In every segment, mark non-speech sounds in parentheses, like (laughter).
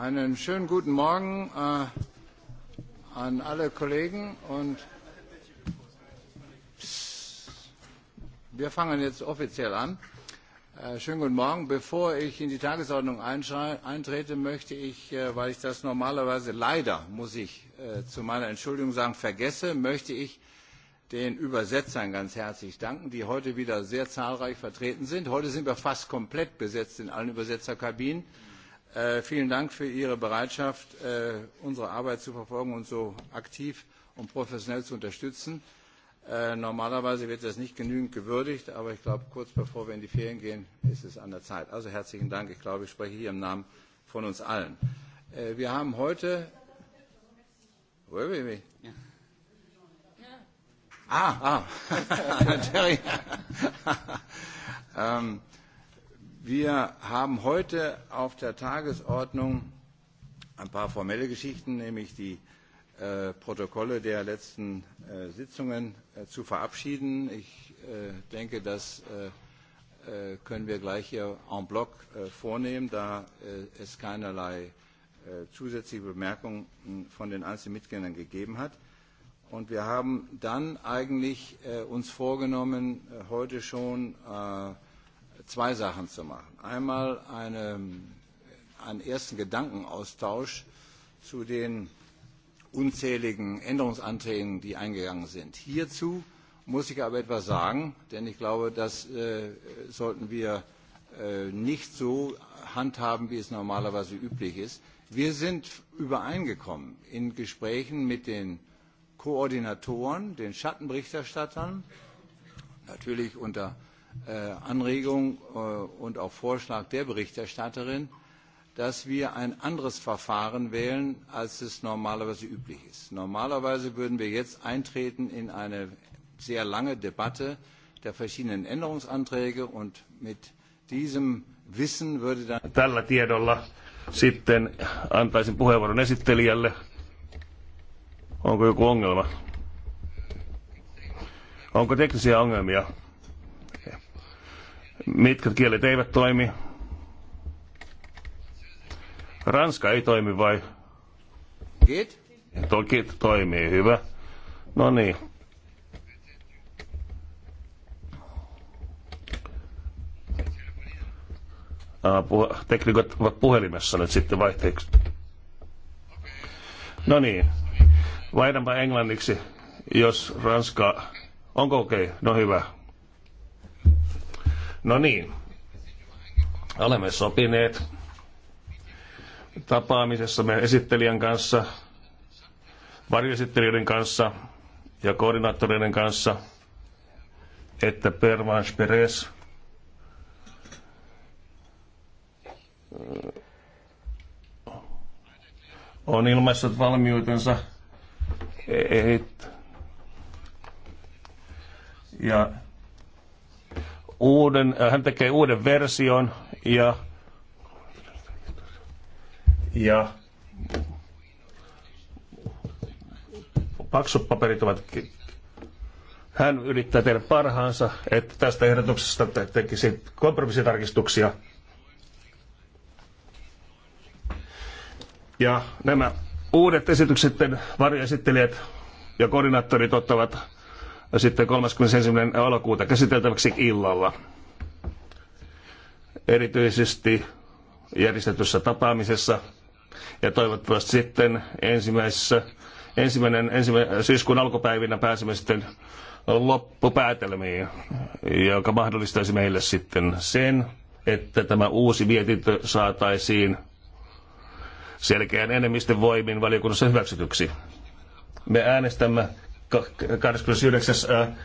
Einen schönen guten Morgen äh, an alle Kollegen und wir fangen jetzt offiziell an. Äh, schönen guten Morgen. Bevor ich in die Tagesordnung eintrete, möchte ich, äh, weil ich das normalerweise leider, muss ich äh, zu meiner Entschuldigung sagen, vergesse, möchte ich den Übersetzern ganz herzlich danken, die heute wieder sehr zahlreich vertreten sind. Heute sind wir fast komplett besetzt in allen Übersetzerkabinen. Äh, vielen Dank für Ihre Bereitschaft, äh, unsere Arbeit zu verfolgen und so aktiv und professionell zu unterstützen. Äh, normalerweise wird das nicht genügend gewürdigt, aber ich glaube, kurz bevor wir in die Ferien gehen, ist es an der Zeit. Also herzlichen Dank. Ich glaube, ich spreche hier im Namen von uns allen. Wir haben heute. Oui, oui, oui. Ah, ah. (laughs) (laughs) ähm, Wir haben heute auf der Tagesordnung ein paar formelle Geschichten, nämlich die äh, Protokolle der letzten äh, Sitzungen äh, zu verabschieden. Ich äh, denke, das äh, äh, können wir gleich hier en bloc äh, vornehmen, da äh, es keinerlei äh, zusätzliche Bemerkungen von den einzelnen Mitgliedern gegeben hat. Und wir haben dann eigentlich äh, uns vorgenommen, äh, heute schon äh, zwei Sachen zu machen. Einmal eine, einen ersten Gedankenaustausch zu den unzähligen Änderungsanträgen, die eingegangen sind. Hierzu muss ich aber etwas sagen, denn ich glaube, das äh, sollten wir äh, nicht so handhaben, wie es normalerweise üblich ist. Wir sind übereingekommen in Gesprächen mit den Koordinatoren, den Schattenberichterstattern, natürlich unter Äh, Anregung äh, und auch Vorschlag der Berichterstatterin, dass wir ein anderes Verfahren wählen, als es normalerweise üblich ist. Normalerweise würden wir jetzt eintreten in eine sehr lange Debatte der verschiedenen Änderungsanträge und mit diesem Wissen würde dann... Tällä tiedolla sitten antaisin puheenvuoron esittelijälle. Onko joku ongelma? Onko teknisiä ongelmia? Mitkä kielet eivät toimi? Ranska ei toimi vai? Kiit. Toki toimii, hyvä. No niin. Teknikot ovat puhelimessa nyt sitten vaihteeksi. No niin. Vaihdanpa englanniksi, jos Ranska... Onko okei? Okay? No hyvä. No niin, olemme sopineet tapaamisessamme esittelijän kanssa, varjoesittelijöiden kanssa ja koordinaattoreiden kanssa, että Pervans Perez äh, on ilmaissut valmiutensa. E- e- et, ja uuden, äh, hän tekee uuden version ja, ja paksut paperit ovat hän yrittää tehdä parhaansa, että tästä ehdotuksesta tekisi kompromissitarkistuksia. Ja nämä uudet esitykset varjoesittelijät ja koordinaattorit ottavat sitten 31. elokuuta käsiteltäväksi illalla. Erityisesti järjestetyssä tapaamisessa ja toivottavasti sitten ensimmäisessä, ensimmäinen, ensimmäinen syyskuun alkupäivinä pääsemme sitten loppupäätelmiin, joka mahdollistaisi meille sitten sen, että tämä uusi mietintö saataisiin selkeän enemmistön voimin valiokunnassa hyväksytyksi. Me äänestämme 29.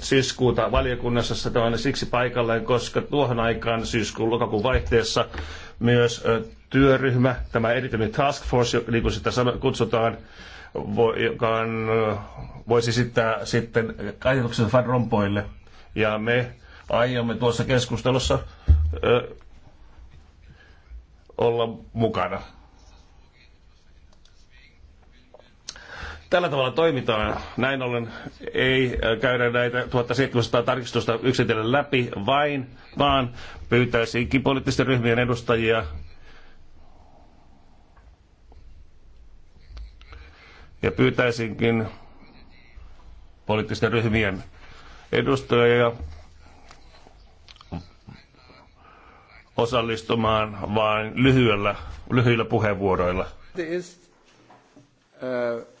syyskuuta valiokunnassa tämä siksi paikalleen, koska tuohon aikaan syyskuun lokakuun vaihteessa myös työryhmä, tämä erityinen task force, niin kuin sitä kutsutaan, joka on, voisi esittää sitten ajatuksen Van Rompoille. Ja me aiomme tuossa keskustelussa olla mukana. Tällä tavalla toimitaan. Näin ollen ei äh, käydä näitä 1700 tarkistusta yksitellen läpi, vain, vaan pyytäisinkin poliittisten ryhmien edustajia ja pyytäisinkin poliittisten ryhmien edustajia osallistumaan vain lyhyellä, lyhyillä puheenvuoroilla. uh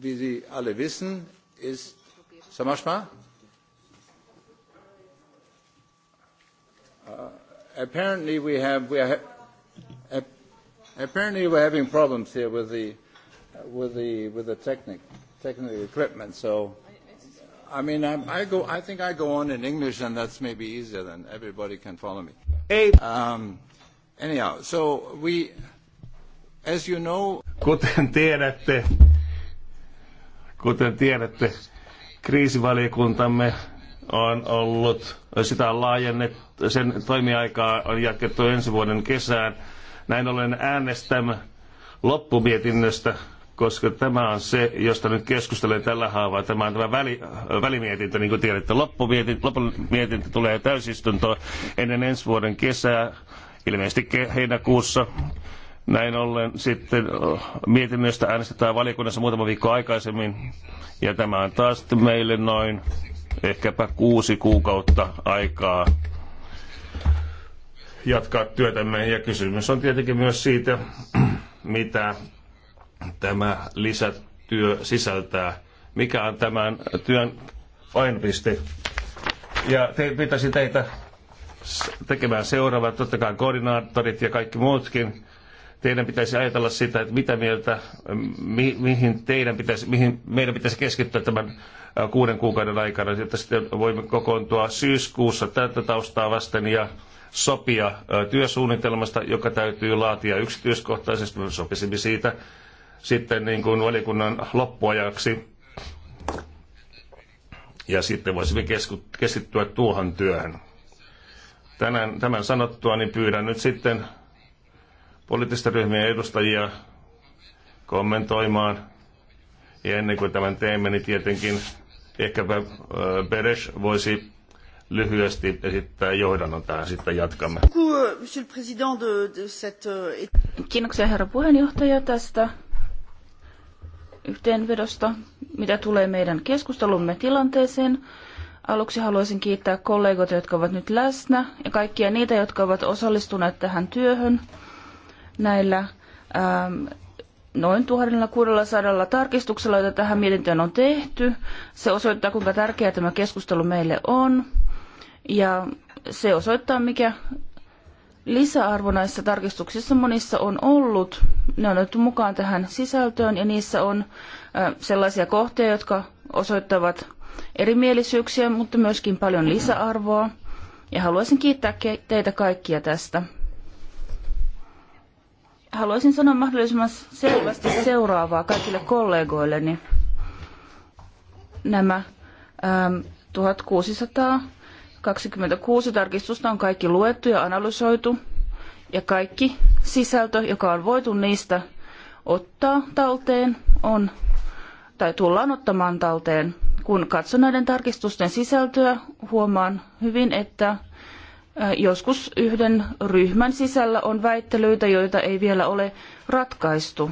wie Sie alle wissen, ist uh, apparently we have we are apparently we're having problems here with the uh, with the with the technic technical equipment. So, I mean, I'm, I go. I think I go on in English, and that's maybe easier than everybody can follow me. Um, anyhow, so we, as you know. Kuten tiedätte, Kuten tiedätte, kriisivaliokuntamme on ollut, sitä on laajennettu, sen toimiaikaa on jatkettu ensi vuoden kesään. Näin ollen äänestämme loppumietinnöstä, koska tämä on se, josta nyt keskustelen tällä haavaa. Tämä on tämä väli, välimietintö, niin kuin tiedätte. Loppumietintö, loppumietintö tulee täysistuntoon ennen ensi vuoden kesää, ilmeisesti heinäkuussa. Näin ollen sitten oh, mietinnöstä äänestetään valiokunnassa muutama viikko aikaisemmin, ja tämä on taas meille noin ehkäpä kuusi kuukautta aikaa jatkaa työtämme. Ja kysymys on tietenkin myös siitä, (clears throat) mitä tämä lisätyö sisältää. Mikä on tämän työn painopiste? Ja te, pitäisi teitä tekemään seuraavat, totta kai koordinaattorit ja kaikki muutkin, teidän pitäisi ajatella sitä, että mitä mieltä, mi, mihin, teidän pitäisi, mihin meidän pitäisi keskittyä tämän kuuden kuukauden aikana, että sitten voimme kokoontua syyskuussa tätä taustaa vasten ja sopia työsuunnitelmasta, joka täytyy laatia yksityiskohtaisesti. Me sopisimme siitä sitten niin kuin valikunnan loppuajaksi. Ja sitten voisimme keskittyä tuohon työhön. Tänään, tämän sanottua niin pyydän nyt sitten poliittisten ryhmien edustajia kommentoimaan. Ja ennen kuin tämän teemme, niin tietenkin ehkä äh, Beres voisi lyhyesti esittää johdannon tähän, sitten jatkamme. Euh, Kiitoksia herra puheenjohtaja tästä yhteenvedosta, mitä tulee meidän keskustelumme tilanteeseen. Aluksi haluaisin kiittää kollegoita, jotka ovat nyt läsnä ja kaikkia niitä, jotka ovat osallistuneet tähän työhön näillä ähm, noin 1600 tarkistuksella, joita tähän mietintöön on tehty. Se osoittaa, kuinka tärkeää tämä keskustelu meille on. Ja se osoittaa, mikä lisäarvo näissä tarkistuksissa monissa on ollut. Ne on otettu mukaan tähän sisältöön ja niissä on äh, sellaisia kohteita, jotka osoittavat erimielisyyksiä, mutta myöskin paljon lisäarvoa. Ja haluaisin kiittää teitä kaikkia tästä haluaisin sanoa mahdollisimman selvästi seuraavaa kaikille kollegoilleni. Nämä ähm, 1626 tarkistusta on kaikki luettu ja analysoitu, ja kaikki sisältö, joka on voitu niistä ottaa talteen, on, tai tullaan ottamaan talteen. Kun katson näiden tarkistusten sisältöä, huomaan hyvin, että Joskus yhden ryhmän sisällä on väittelyitä, joita ei vielä ole ratkaistu.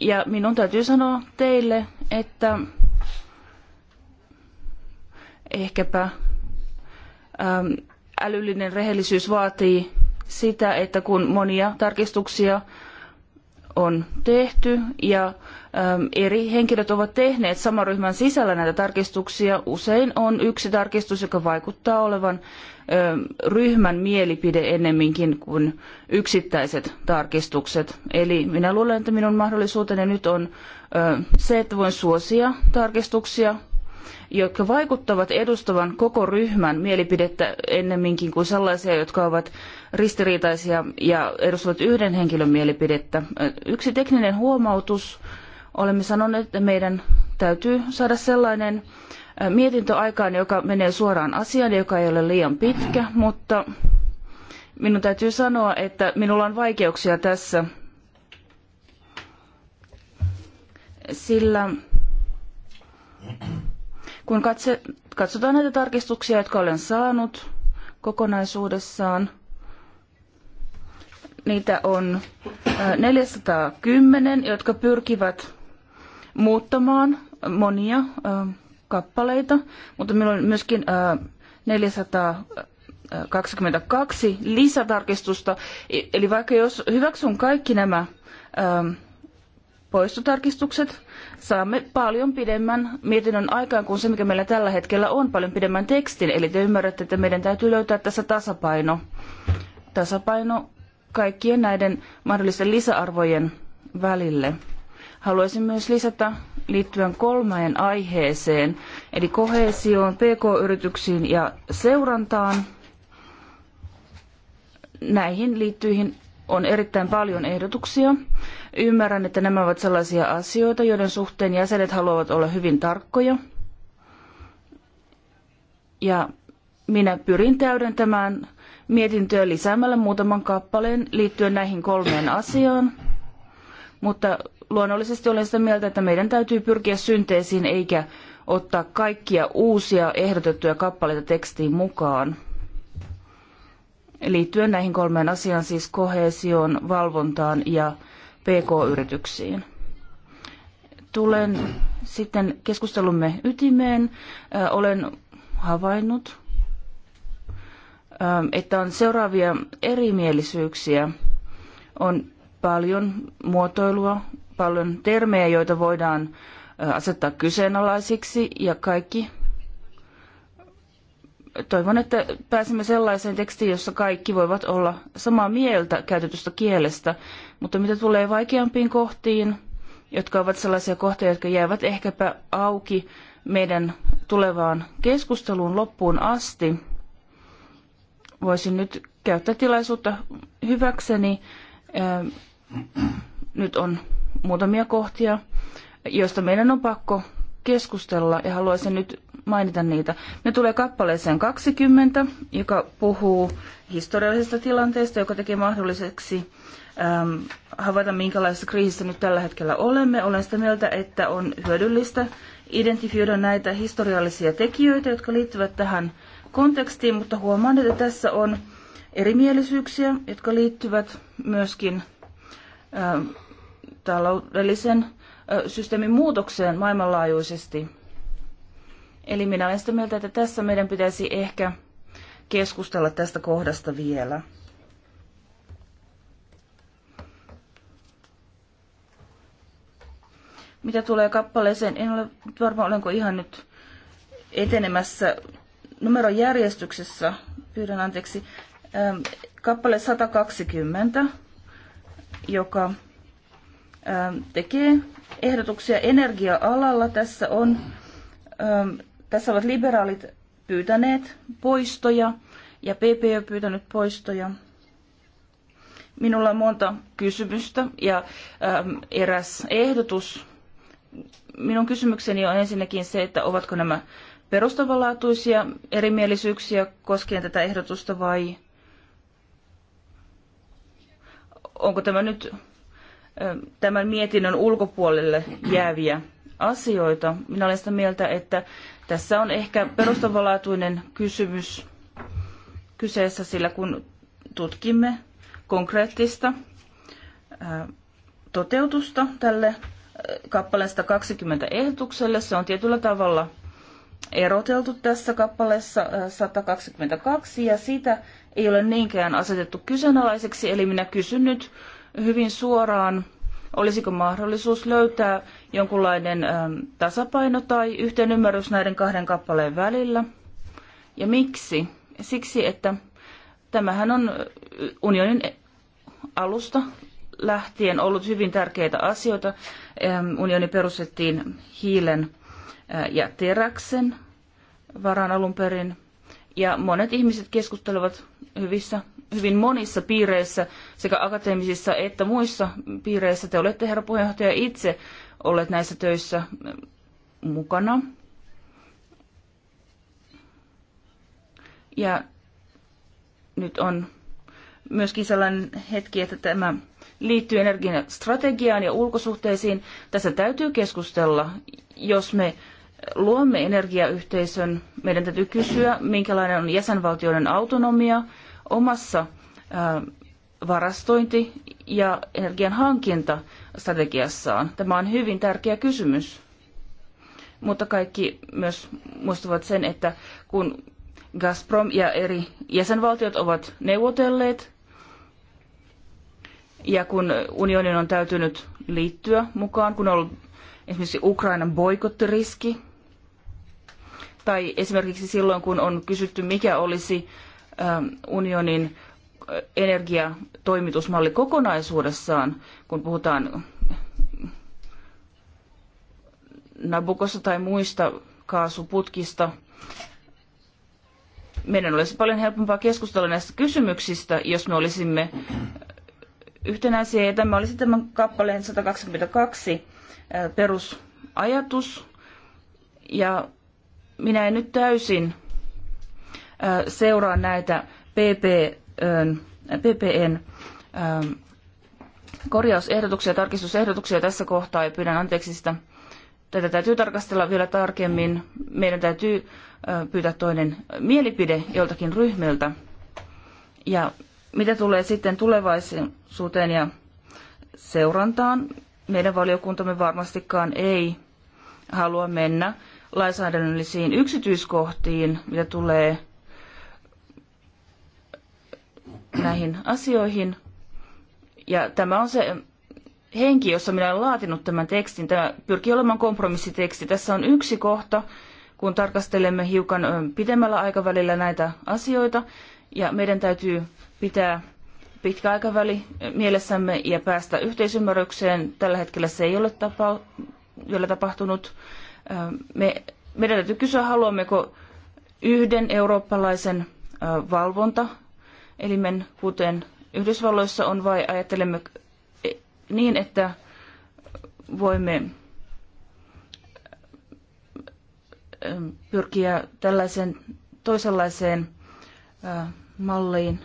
Ja minun täytyy sanoa teille, että ehkäpä älyllinen rehellisyys vaatii sitä, että kun monia tarkistuksia on tehty ja ähm, eri henkilöt ovat tehneet saman ryhmän sisällä näitä tarkistuksia. Usein on yksi tarkistus, joka vaikuttaa olevan ähm, ryhmän mielipide ennemminkin kuin yksittäiset tarkistukset. Eli minä luulen, että minun mahdollisuuteni nyt on äh, se, että voin suosia tarkistuksia jotka vaikuttavat edustavan koko ryhmän mielipidettä ennemminkin kuin sellaisia, jotka ovat ristiriitaisia ja edustavat yhden henkilön mielipidettä. Yksi tekninen huomautus. Olemme sanoneet, että meidän täytyy saada sellainen mietintö aikaan, joka menee suoraan asiaan, joka ei ole liian pitkä, mutta minun täytyy sanoa, että minulla on vaikeuksia tässä, sillä kun katse, katsotaan näitä tarkistuksia, jotka olen saanut kokonaisuudessaan, niitä on 410, jotka pyrkivät muuttamaan monia kappaleita, mutta meillä on myöskin 422 lisätarkistusta. Eli vaikka jos hyväksyn kaikki nämä poistotarkistukset. Saamme paljon pidemmän mietinnön aikaan kuin se, mikä meillä tällä hetkellä on, paljon pidemmän tekstin. Eli te ymmärrätte, että meidän täytyy löytää tässä tasapaino. Tasapaino kaikkien näiden mahdollisten lisäarvojen välille. Haluaisin myös lisätä liittyen kolmeen aiheeseen, eli kohesioon, pk-yrityksiin ja seurantaan näihin liittyihin on erittäin paljon ehdotuksia. Ymmärrän, että nämä ovat sellaisia asioita, joiden suhteen jäsenet haluavat olla hyvin tarkkoja. Ja minä pyrin täydentämään mietintöä lisäämällä muutaman kappaleen liittyen näihin kolmeen asiaan. Mutta luonnollisesti olen sitä mieltä, että meidän täytyy pyrkiä synteesiin eikä ottaa kaikkia uusia ehdotettuja kappaleita tekstiin mukaan liittyen näihin kolmeen asiaan, siis kohesioon, valvontaan ja PK-yrityksiin. Tulen sitten keskustelumme ytimeen. Olen havainnut, että on seuraavia erimielisyyksiä. On paljon muotoilua, paljon termejä, joita voidaan asettaa kyseenalaisiksi ja kaikki toivon, että pääsemme sellaiseen tekstiin, jossa kaikki voivat olla samaa mieltä käytetystä kielestä, mutta mitä tulee vaikeampiin kohtiin, jotka ovat sellaisia kohtia, jotka jäävät ehkäpä auki meidän tulevaan keskusteluun loppuun asti, voisin nyt käyttää tilaisuutta hyväkseni. Nyt on muutamia kohtia, joista meidän on pakko keskustella ja haluaisin nyt mainita niitä. Ne tulee kappaleeseen 20, joka puhuu historiallisesta tilanteesta, joka tekee mahdolliseksi ähm, havaita, minkälaisessa kriisissä nyt tällä hetkellä olemme. Olen sitä mieltä, että on hyödyllistä identifioida näitä historiallisia tekijöitä, jotka liittyvät tähän kontekstiin, mutta huomaan, että tässä on erimielisyyksiä, jotka liittyvät myöskin ähm, taloudellisen äh, systeemin muutokseen maailmanlaajuisesti – Eli minä olen sitä mieltä, että tässä meidän pitäisi ehkä keskustella tästä kohdasta vielä. Mitä tulee kappaleeseen, en ole varma, olenko ihan nyt etenemässä numeron järjestyksessä, pyydän anteeksi, kappale 120, joka tekee ehdotuksia energia-alalla. Tässä on tässä ovat liberaalit pyytäneet poistoja ja PP on pyytänyt poistoja. Minulla on monta kysymystä ja äm, eräs ehdotus. Minun kysymykseni on ensinnäkin se, että ovatko nämä perustavanlaatuisia erimielisyyksiä koskien tätä ehdotusta vai onko tämä nyt ähm, tämän mietinnön ulkopuolelle jääviä asioita. Minä olen sitä mieltä, että tässä on ehkä perustavanlaatuinen kysymys kyseessä, sillä kun tutkimme konkreettista toteutusta tälle kappaleen 120 ehdotukselle, se on tietyllä tavalla eroteltu tässä kappaleessa 122 ja sitä ei ole niinkään asetettu kyseenalaiseksi, eli minä kysyn nyt hyvin suoraan, olisiko mahdollisuus löytää jonkunlainen ähm, tasapaino tai yhteenymmärrys näiden kahden kappaleen välillä. Ja miksi? Siksi, että tämähän on äh, unionin alusta lähtien ollut hyvin tärkeitä asioita. Ähm, unioni perustettiin hiilen äh, ja teräksen varaan alun perin. Ja monet ihmiset keskustelevat hyvissä, hyvin monissa piireissä, sekä akateemisissa että muissa piireissä. Te olette, herra puheenjohtaja, itse olleet näissä töissä mukana. Ja nyt on myöskin sellainen hetki, että tämä liittyy energian strategiaan ja ulkosuhteisiin. Tässä täytyy keskustella, jos me luomme energiayhteisön, meidän täytyy kysyä, minkälainen on jäsenvaltioiden autonomia omassa varastointi- ja energian hankinta strategiassaan? Tämä on hyvin tärkeä kysymys. Mutta kaikki myös muistavat sen, että kun Gazprom ja eri jäsenvaltiot ovat neuvotelleet ja kun unionin on täytynyt liittyä mukaan, kun on ollut esimerkiksi Ukrainan boikottiriski, tai esimerkiksi silloin, kun on kysytty, mikä olisi ähm, unionin energiatoimitusmalli kokonaisuudessaan, kun puhutaan Nabukossa tai muista kaasuputkista, meidän olisi paljon helpompaa keskustella näistä kysymyksistä, jos me olisimme yhtenäisiä. Ja tämä olisi tämän kappaleen 122 perusajatus. Ja minä en nyt täysin seuraa näitä PP PPN ähm, korjausehdotuksia ja tarkistusehdotuksia tässä kohtaa ja pyydän anteeksi sitä. Tätä täytyy tarkastella vielä tarkemmin. Meidän täytyy pyytää toinen mielipide joltakin ryhmiltä. Ja mitä tulee sitten tulevaisuuteen ja seurantaan, meidän valiokuntamme varmastikaan ei halua mennä lainsäädännöllisiin yksityiskohtiin, mitä tulee näihin asioihin. Ja tämä on se henki, jossa minä olen laatinut tämän tekstin. Tämä pyrkii olemaan kompromissiteksti. Tässä on yksi kohta, kun tarkastelemme hiukan pidemmällä aikavälillä näitä asioita. Ja meidän täytyy pitää pitkä aikaväli mielessämme ja päästä yhteisymmärrykseen. Tällä hetkellä se ei ole tapa, vielä tapahtunut. Me, meidän täytyy kysyä, haluammeko yhden eurooppalaisen valvonta elimen, kuten Yhdysvalloissa on, vai ajattelemme e, niin, että voimme e, pyrkiä tällaiseen toisenlaiseen e, malliin.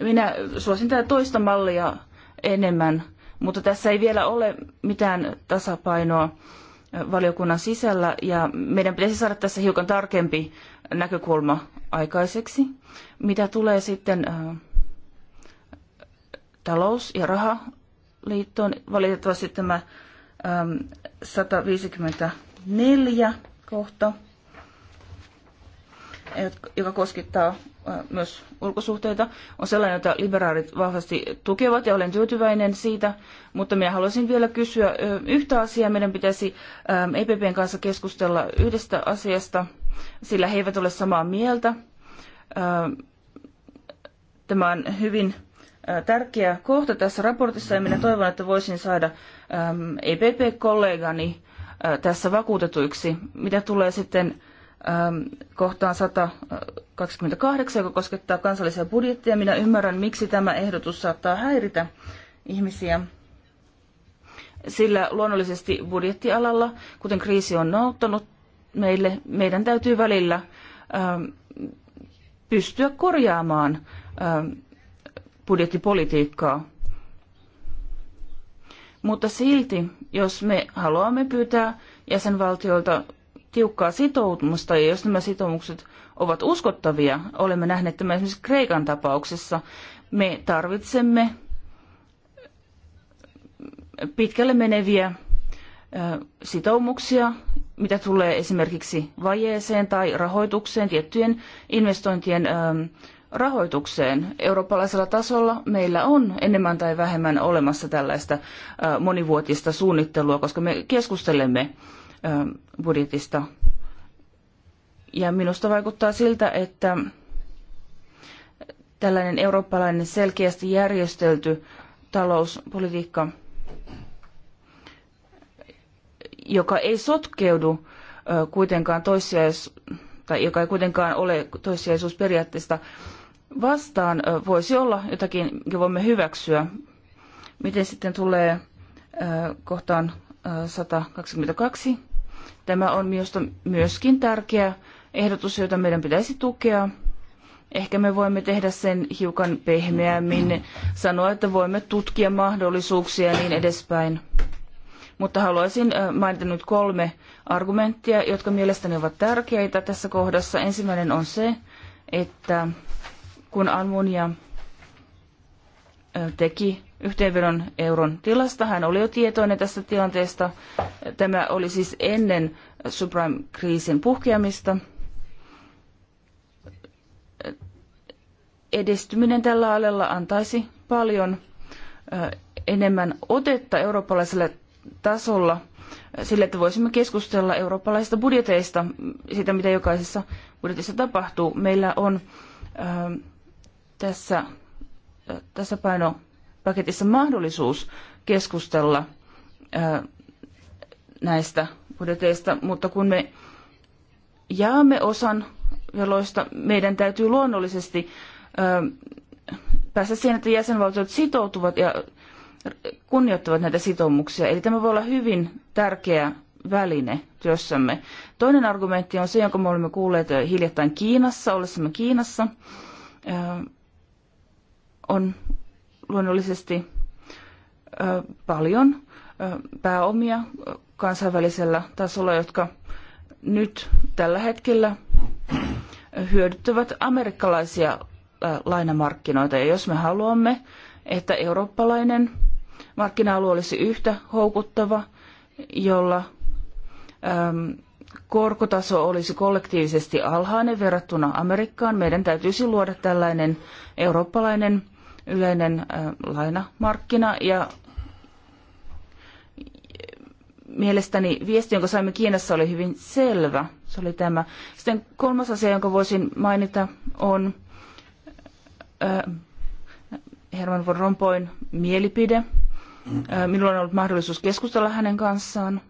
Minä suosin tätä toista mallia enemmän, mutta tässä ei vielä ole mitään tasapainoa valiokunnan sisällä ja meidän pitäisi saada tässä hiukan tarkempi näkökulma aikaiseksi. Mitä tulee sitten talous- ja rahaliittoon, valitettavasti tämä 154 kohta, joka koskettaa Äh, myös ulkosuhteita, on sellainen, jota liberaalit vahvasti tukevat ja olen tyytyväinen siitä, mutta minä haluaisin vielä kysyä yhtä asiaa. Meidän pitäisi ähm, EPPn kanssa keskustella yhdestä asiasta, sillä he eivät ole samaa mieltä. Ähm, tämä on hyvin äh, tärkeä kohta tässä raportissa ja minä toivon, että voisin saada ähm, EPP-kollegani äh, tässä vakuutetuiksi, mitä tulee sitten Ähm, kohtaan 128, joka koskettaa kansallisia budjetteja. Minä ymmärrän, miksi tämä ehdotus saattaa häiritä ihmisiä, sillä luonnollisesti budjettialalla, kuten kriisi on auttanut meille, meidän täytyy välillä ähm, pystyä korjaamaan ähm, budjettipolitiikkaa. Mutta silti, jos me haluamme pyytää jäsenvaltioilta tiukkaa sitoutumusta, ja jos nämä sitoumukset ovat uskottavia, olemme nähneet tämän esimerkiksi Kreikan tapauksessa, me tarvitsemme pitkälle meneviä sitoumuksia, mitä tulee esimerkiksi vajeeseen tai rahoitukseen, tiettyjen investointien rahoitukseen. Eurooppalaisella tasolla meillä on enemmän tai vähemmän olemassa tällaista monivuotista suunnittelua, koska me keskustelemme budjetista. Ja minusta vaikuttaa siltä, että tällainen eurooppalainen selkeästi järjestelty talouspolitiikka, joka ei sotkeudu kuitenkaan toissijais- tai joka ei kuitenkaan ole toissijaisuusperiaatteesta vastaan, voisi olla jotakin, jonka voimme hyväksyä. Miten sitten tulee kohtaan 122? Tämä on minusta myöskin tärkeä ehdotus, jota meidän pitäisi tukea. Ehkä me voimme tehdä sen hiukan pehmeämmin, sanoa, että voimme tutkia mahdollisuuksia ja niin edespäin. Mutta haluaisin äh, mainita nyt kolme argumenttia, jotka mielestäni ovat tärkeitä tässä kohdassa. Ensimmäinen on se, että kun Almunia äh, teki yhteenvedon euron tilasta. Hän oli jo tietoinen tästä tilanteesta. Tämä oli siis ennen subprime-kriisin puhkeamista. Edistyminen tällä alalla antaisi paljon enemmän otetta eurooppalaisella tasolla sille, että voisimme keskustella eurooppalaisista budjeteista, siitä mitä jokaisessa budjetissa tapahtuu. Meillä on tässä, tässä paino paketissa mahdollisuus keskustella näistä budjeteista, mutta kun me jaamme osan veloista, meidän täytyy luonnollisesti päästä siihen, että jäsenvaltiot sitoutuvat ja kunnioittavat näitä sitoumuksia. Eli tämä voi olla hyvin tärkeä väline työssämme. Toinen argumentti on se, jonka me olemme kuulleet hiljattain Kiinassa, ollessamme Kiinassa. On luonnollisesti paljon pääomia kansainvälisellä tasolla, jotka nyt tällä hetkellä hyödyttävät amerikkalaisia lainamarkkinoita. Ja jos me haluamme, että eurooppalainen markkina-alue olisi yhtä houkuttava, jolla korkotaso olisi kollektiivisesti alhainen verrattuna Amerikkaan, meidän täytyisi luoda tällainen eurooppalainen yleinen lainamarkkina ja mielestäni viesti, jonka saimme Kiinassa, oli hyvin selvä. Se oli tämä. Sitten kolmas asia, jonka voisin mainita, on Herman von Rompoin mielipide. Minulla on ollut mahdollisuus keskustella hänen kanssaan.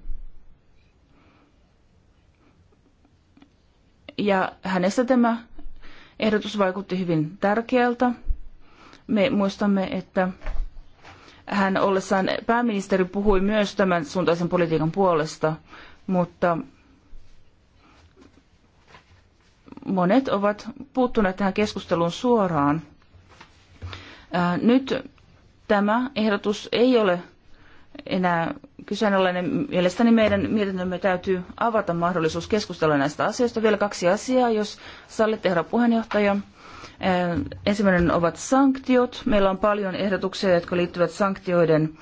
Ja hänestä tämä ehdotus vaikutti hyvin tärkeältä. Me muistamme, että hän ollessaan pääministeri puhui myös tämän suuntaisen politiikan puolesta, mutta monet ovat puuttuneet tähän keskusteluun suoraan. Nyt tämä ehdotus ei ole enää kyseenalainen. Mielestäni meidän mietintömme täytyy avata mahdollisuus keskustella näistä asioista. Vielä kaksi asiaa, jos sallitte herra puheenjohtaja. Ensimmäinen ovat sanktiot. Meillä on paljon ehdotuksia, jotka liittyvät sanktioiden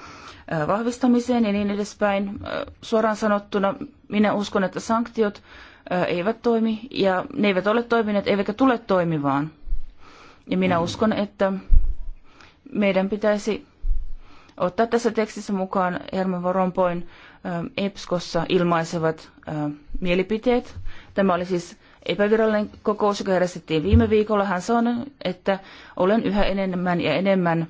vahvistamiseen ja niin edespäin. Suoraan sanottuna minä uskon, että sanktiot eivät toimi ja ne eivät ole toimineet eivätkä tule toimivaan. Ja minä mm. uskon, että meidän pitäisi ottaa tässä tekstissä mukaan Herman Vorompoin EPSKossa ilmaisevat mielipiteet. Tämä oli siis epävirallinen kokous, joka järjestettiin viime viikolla. Hän sanoi, että olen yhä enemmän ja enemmän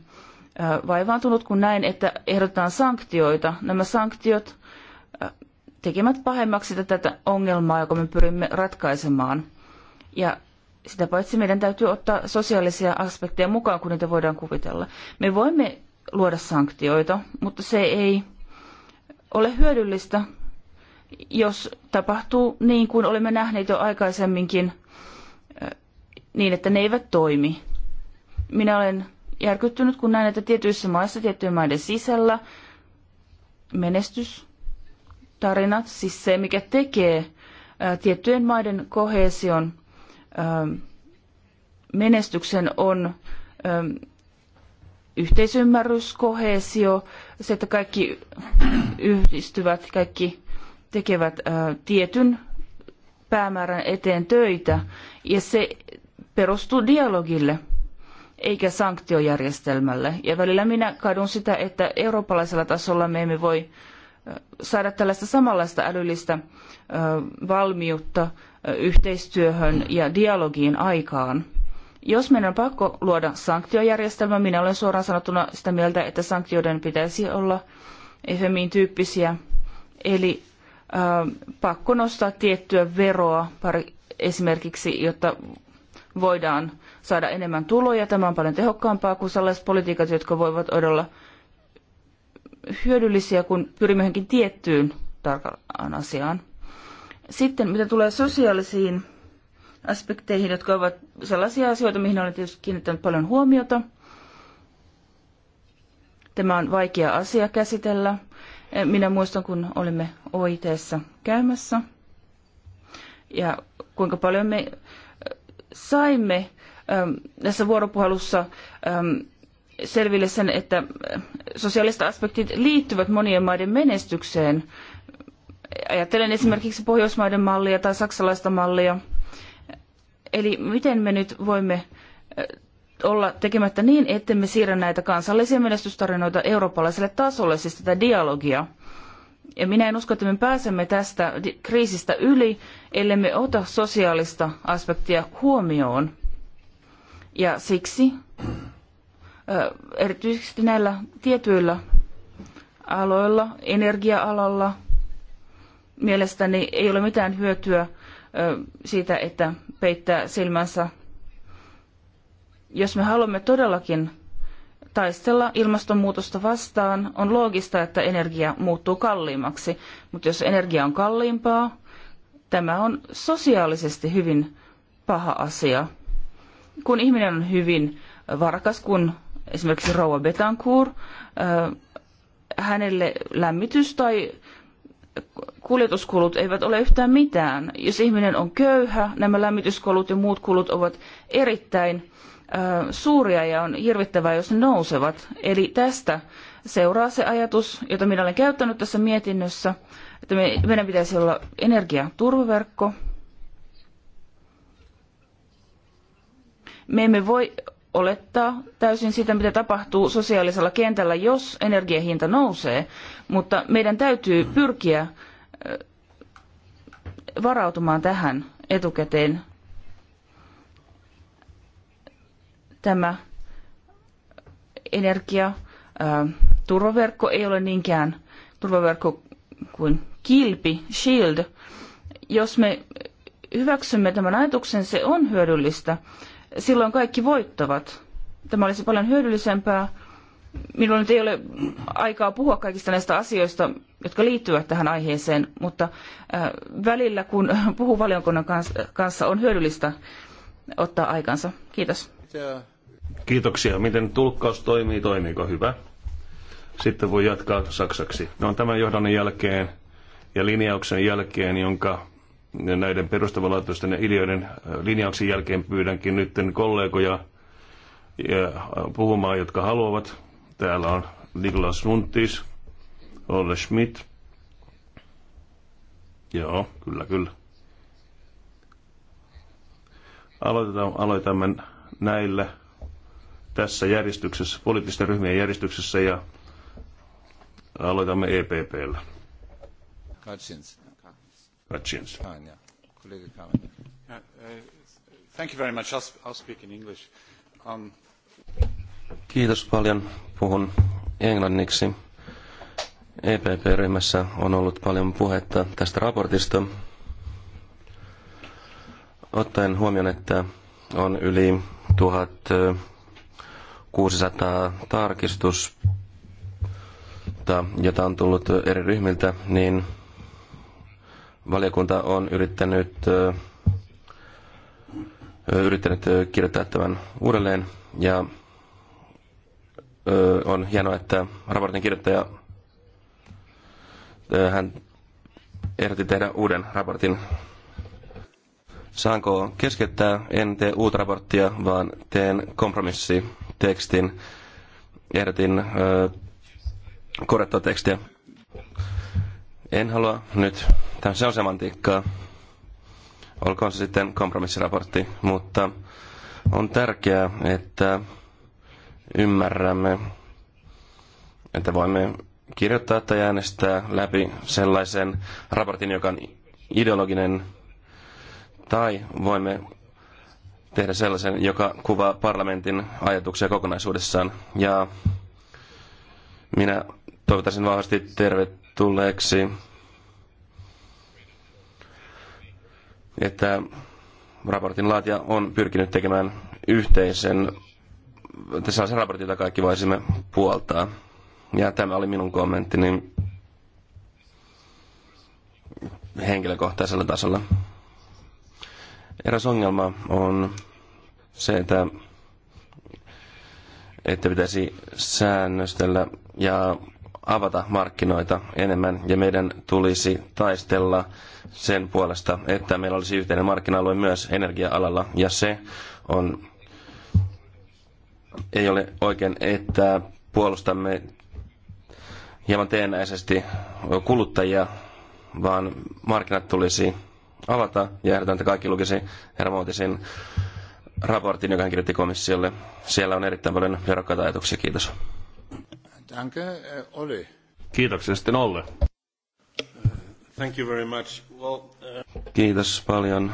vaivaantunut, kun näin, että ehdotetaan sanktioita. Nämä sanktiot tekemät pahemmaksi tätä ongelmaa, joka me pyrimme ratkaisemaan. Ja sitä paitsi meidän täytyy ottaa sosiaalisia aspekteja mukaan, kun niitä voidaan kuvitella. Me voimme luoda sanktioita, mutta se ei ole hyödyllistä, jos tapahtuu niin kuin olemme nähneet jo aikaisemminkin, niin että ne eivät toimi. Minä olen järkyttynyt, kun näen, että tietyissä maissa, tiettyjen maiden sisällä menestystarinat, siis se mikä tekee tiettyjen maiden kohesion menestyksen on yhteisymmärrys, kohesio, se, että kaikki yhdistyvät, kaikki tekevät tietyn päämäärän eteen töitä ja se perustuu dialogille eikä sanktiojärjestelmälle. Ja välillä minä kadun sitä, että eurooppalaisella tasolla me emme voi saada tällaista samanlaista älyllistä valmiutta yhteistyöhön ja dialogiin aikaan. Jos meidän on pakko luoda sanktiojärjestelmä, minä olen suoraan sanottuna sitä mieltä, että sanktioiden pitäisi olla FMIin tyyppisiä, eli pakko nostaa tiettyä veroa pari, esimerkiksi, jotta voidaan saada enemmän tuloja. Tämä on paljon tehokkaampaa kuin sellaiset politiikat, jotka voivat olla hyödyllisiä, kun pyrimme johonkin tiettyyn tarkkaan asiaan. Sitten mitä tulee sosiaalisiin aspekteihin, jotka ovat sellaisia asioita, mihin olen tietysti kiinnittänyt paljon huomiota. Tämä on vaikea asia käsitellä. Minä muistan, kun olimme Oiteessa käymässä ja kuinka paljon me saimme tässä vuoropuhelussa selville sen, että sosiaaliset aspektit liittyvät monien maiden menestykseen. Ajattelen esimerkiksi Pohjoismaiden mallia tai saksalaista mallia. Eli miten me nyt voimme olla tekemättä niin, ettemme siirrä näitä kansallisia menestystarinoita eurooppalaiselle tasolle, siis tätä dialogia. Ja minä en usko, että me pääsemme tästä kriisistä yli, ellemme ota sosiaalista aspektia huomioon. Ja siksi erityisesti näillä tietyillä aloilla, energia-alalla, mielestäni ei ole mitään hyötyä siitä, että peittää silmänsä jos me haluamme todellakin taistella ilmastonmuutosta vastaan, on loogista, että energia muuttuu kalliimmaksi. Mutta jos energia on kalliimpaa, tämä on sosiaalisesti hyvin paha asia. Kun ihminen on hyvin varkas, kun esimerkiksi Rouva Betancourt, äh, hänelle lämmitys tai kuljetuskulut eivät ole yhtään mitään. Jos ihminen on köyhä, nämä lämmityskulut ja muut kulut ovat erittäin suuria ja on hirvittävää, jos ne nousevat. Eli tästä seuraa se ajatus, jota minä olen käyttänyt tässä mietinnössä, että meidän pitäisi olla energiaturvaverkko. Me emme voi olettaa täysin sitä, mitä tapahtuu sosiaalisella kentällä, jos energiahinta nousee, mutta meidän täytyy pyrkiä varautumaan tähän etukäteen tämä energia turvaverkko ei ole niinkään turvaverkko kuin kilpi, shield. Jos me hyväksymme tämän ajatuksen, se on hyödyllistä. Silloin kaikki voittavat. Tämä olisi paljon hyödyllisempää. Minulla nyt ei ole aikaa puhua kaikista näistä asioista, jotka liittyvät tähän aiheeseen, mutta välillä kun puhuu valiokunnan kanssa, on hyödyllistä ottaa aikansa. Kiitos. Kiitos. Kiitoksia. Miten tulkkaus toimii? Toimiiko hyvä? Sitten voi jatkaa saksaksi. No tämän johdannon jälkeen ja linjauksen jälkeen, jonka näiden perustavanlaatuisten ideoiden äh, linjauksen jälkeen pyydänkin nyt kollegoja äh, puhumaan, jotka haluavat. Täällä on Niklas Muntis, Olle Schmidt. Joo, kyllä, kyllä. Aloitetaan, aloitamme näillä tässä järjestyksessä, poliittisten ryhmien järjestyksessä ja aloitamme EPPllä. Kaczins. Kaczins. Eh, um, Kiitos paljon. Puhun englanniksi. EPP-ryhmässä on ollut paljon puhetta tästä raportista. Ottaen huomioon, että on yli tuhat eh, 600 tarkistusta, jota on tullut eri ryhmiltä, niin valiokunta on yrittänyt, yrittänyt kirjoittaa tämän uudelleen ja on hienoa, että raportin kirjoittaja hän ehdotti tehdä uuden raportin. Saanko keskeyttää? En tee uutta raporttia, vaan teen kompromissi tekstin. Ehdotin korjattua tekstiä. En halua nyt, tämä se on semantiikkaa, olkoon se sitten kompromissiraportti, mutta on tärkeää, että ymmärrämme, että voimme kirjoittaa tai äänestää läpi sellaisen raportin, joka on ideologinen, tai voimme tehdä sellaisen, joka kuvaa parlamentin ajatuksia kokonaisuudessaan. Ja minä toivotaisin vahvasti tervetulleeksi, että raportin laatija on pyrkinyt tekemään yhteisen sellaisen raportin, jota kaikki voisimme puoltaa. Ja tämä oli minun kommenttini henkilökohtaisella tasolla. Eräs ongelma on se, että, että pitäisi säännöstellä ja avata markkinoita enemmän ja meidän tulisi taistella sen puolesta, että meillä olisi yhteinen markkina-alue myös energia-alalla ja se on, ei ole oikein, että puolustamme hieman teennäisesti kuluttajia, vaan markkinat tulisi avata ja ehdotan, että kaikki lukisi Hermootisin raportin, joka hän kirjoitti komissiolle. Siellä on erittäin paljon verokkaita ajatuksia. Kiitos. Danke, eh, Olli. Kiitoksia sitten Olle. Thank you very much. Well, uh... Kiitos paljon.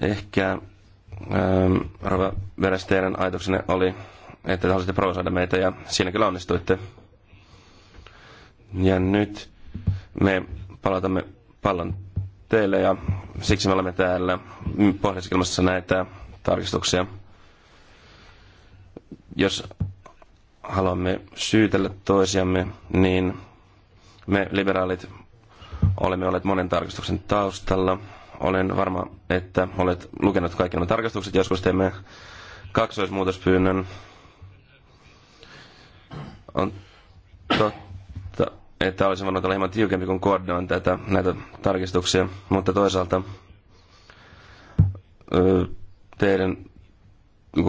Ehkä ähm, Rova Veres, teidän ajatuksenne oli, että halusitte provosoida meitä ja siinä kyllä onnistuitte. Ja nyt me palautamme pallon teille ja siksi me olemme täällä pohdiskelmassa näitä tarkistuksia. Jos haluamme syytellä toisiamme, niin me liberaalit olemme olleet monen tarkistuksen taustalla. Olen varma, että olet lukenut kaikki nämä tarkastukset. Joskus teemme kaksoismuutospyynnön. On totta että olisi voinut olla hieman tiukempi, kuin koordinoin tätä, näitä tarkistuksia, mutta toisaalta teidän,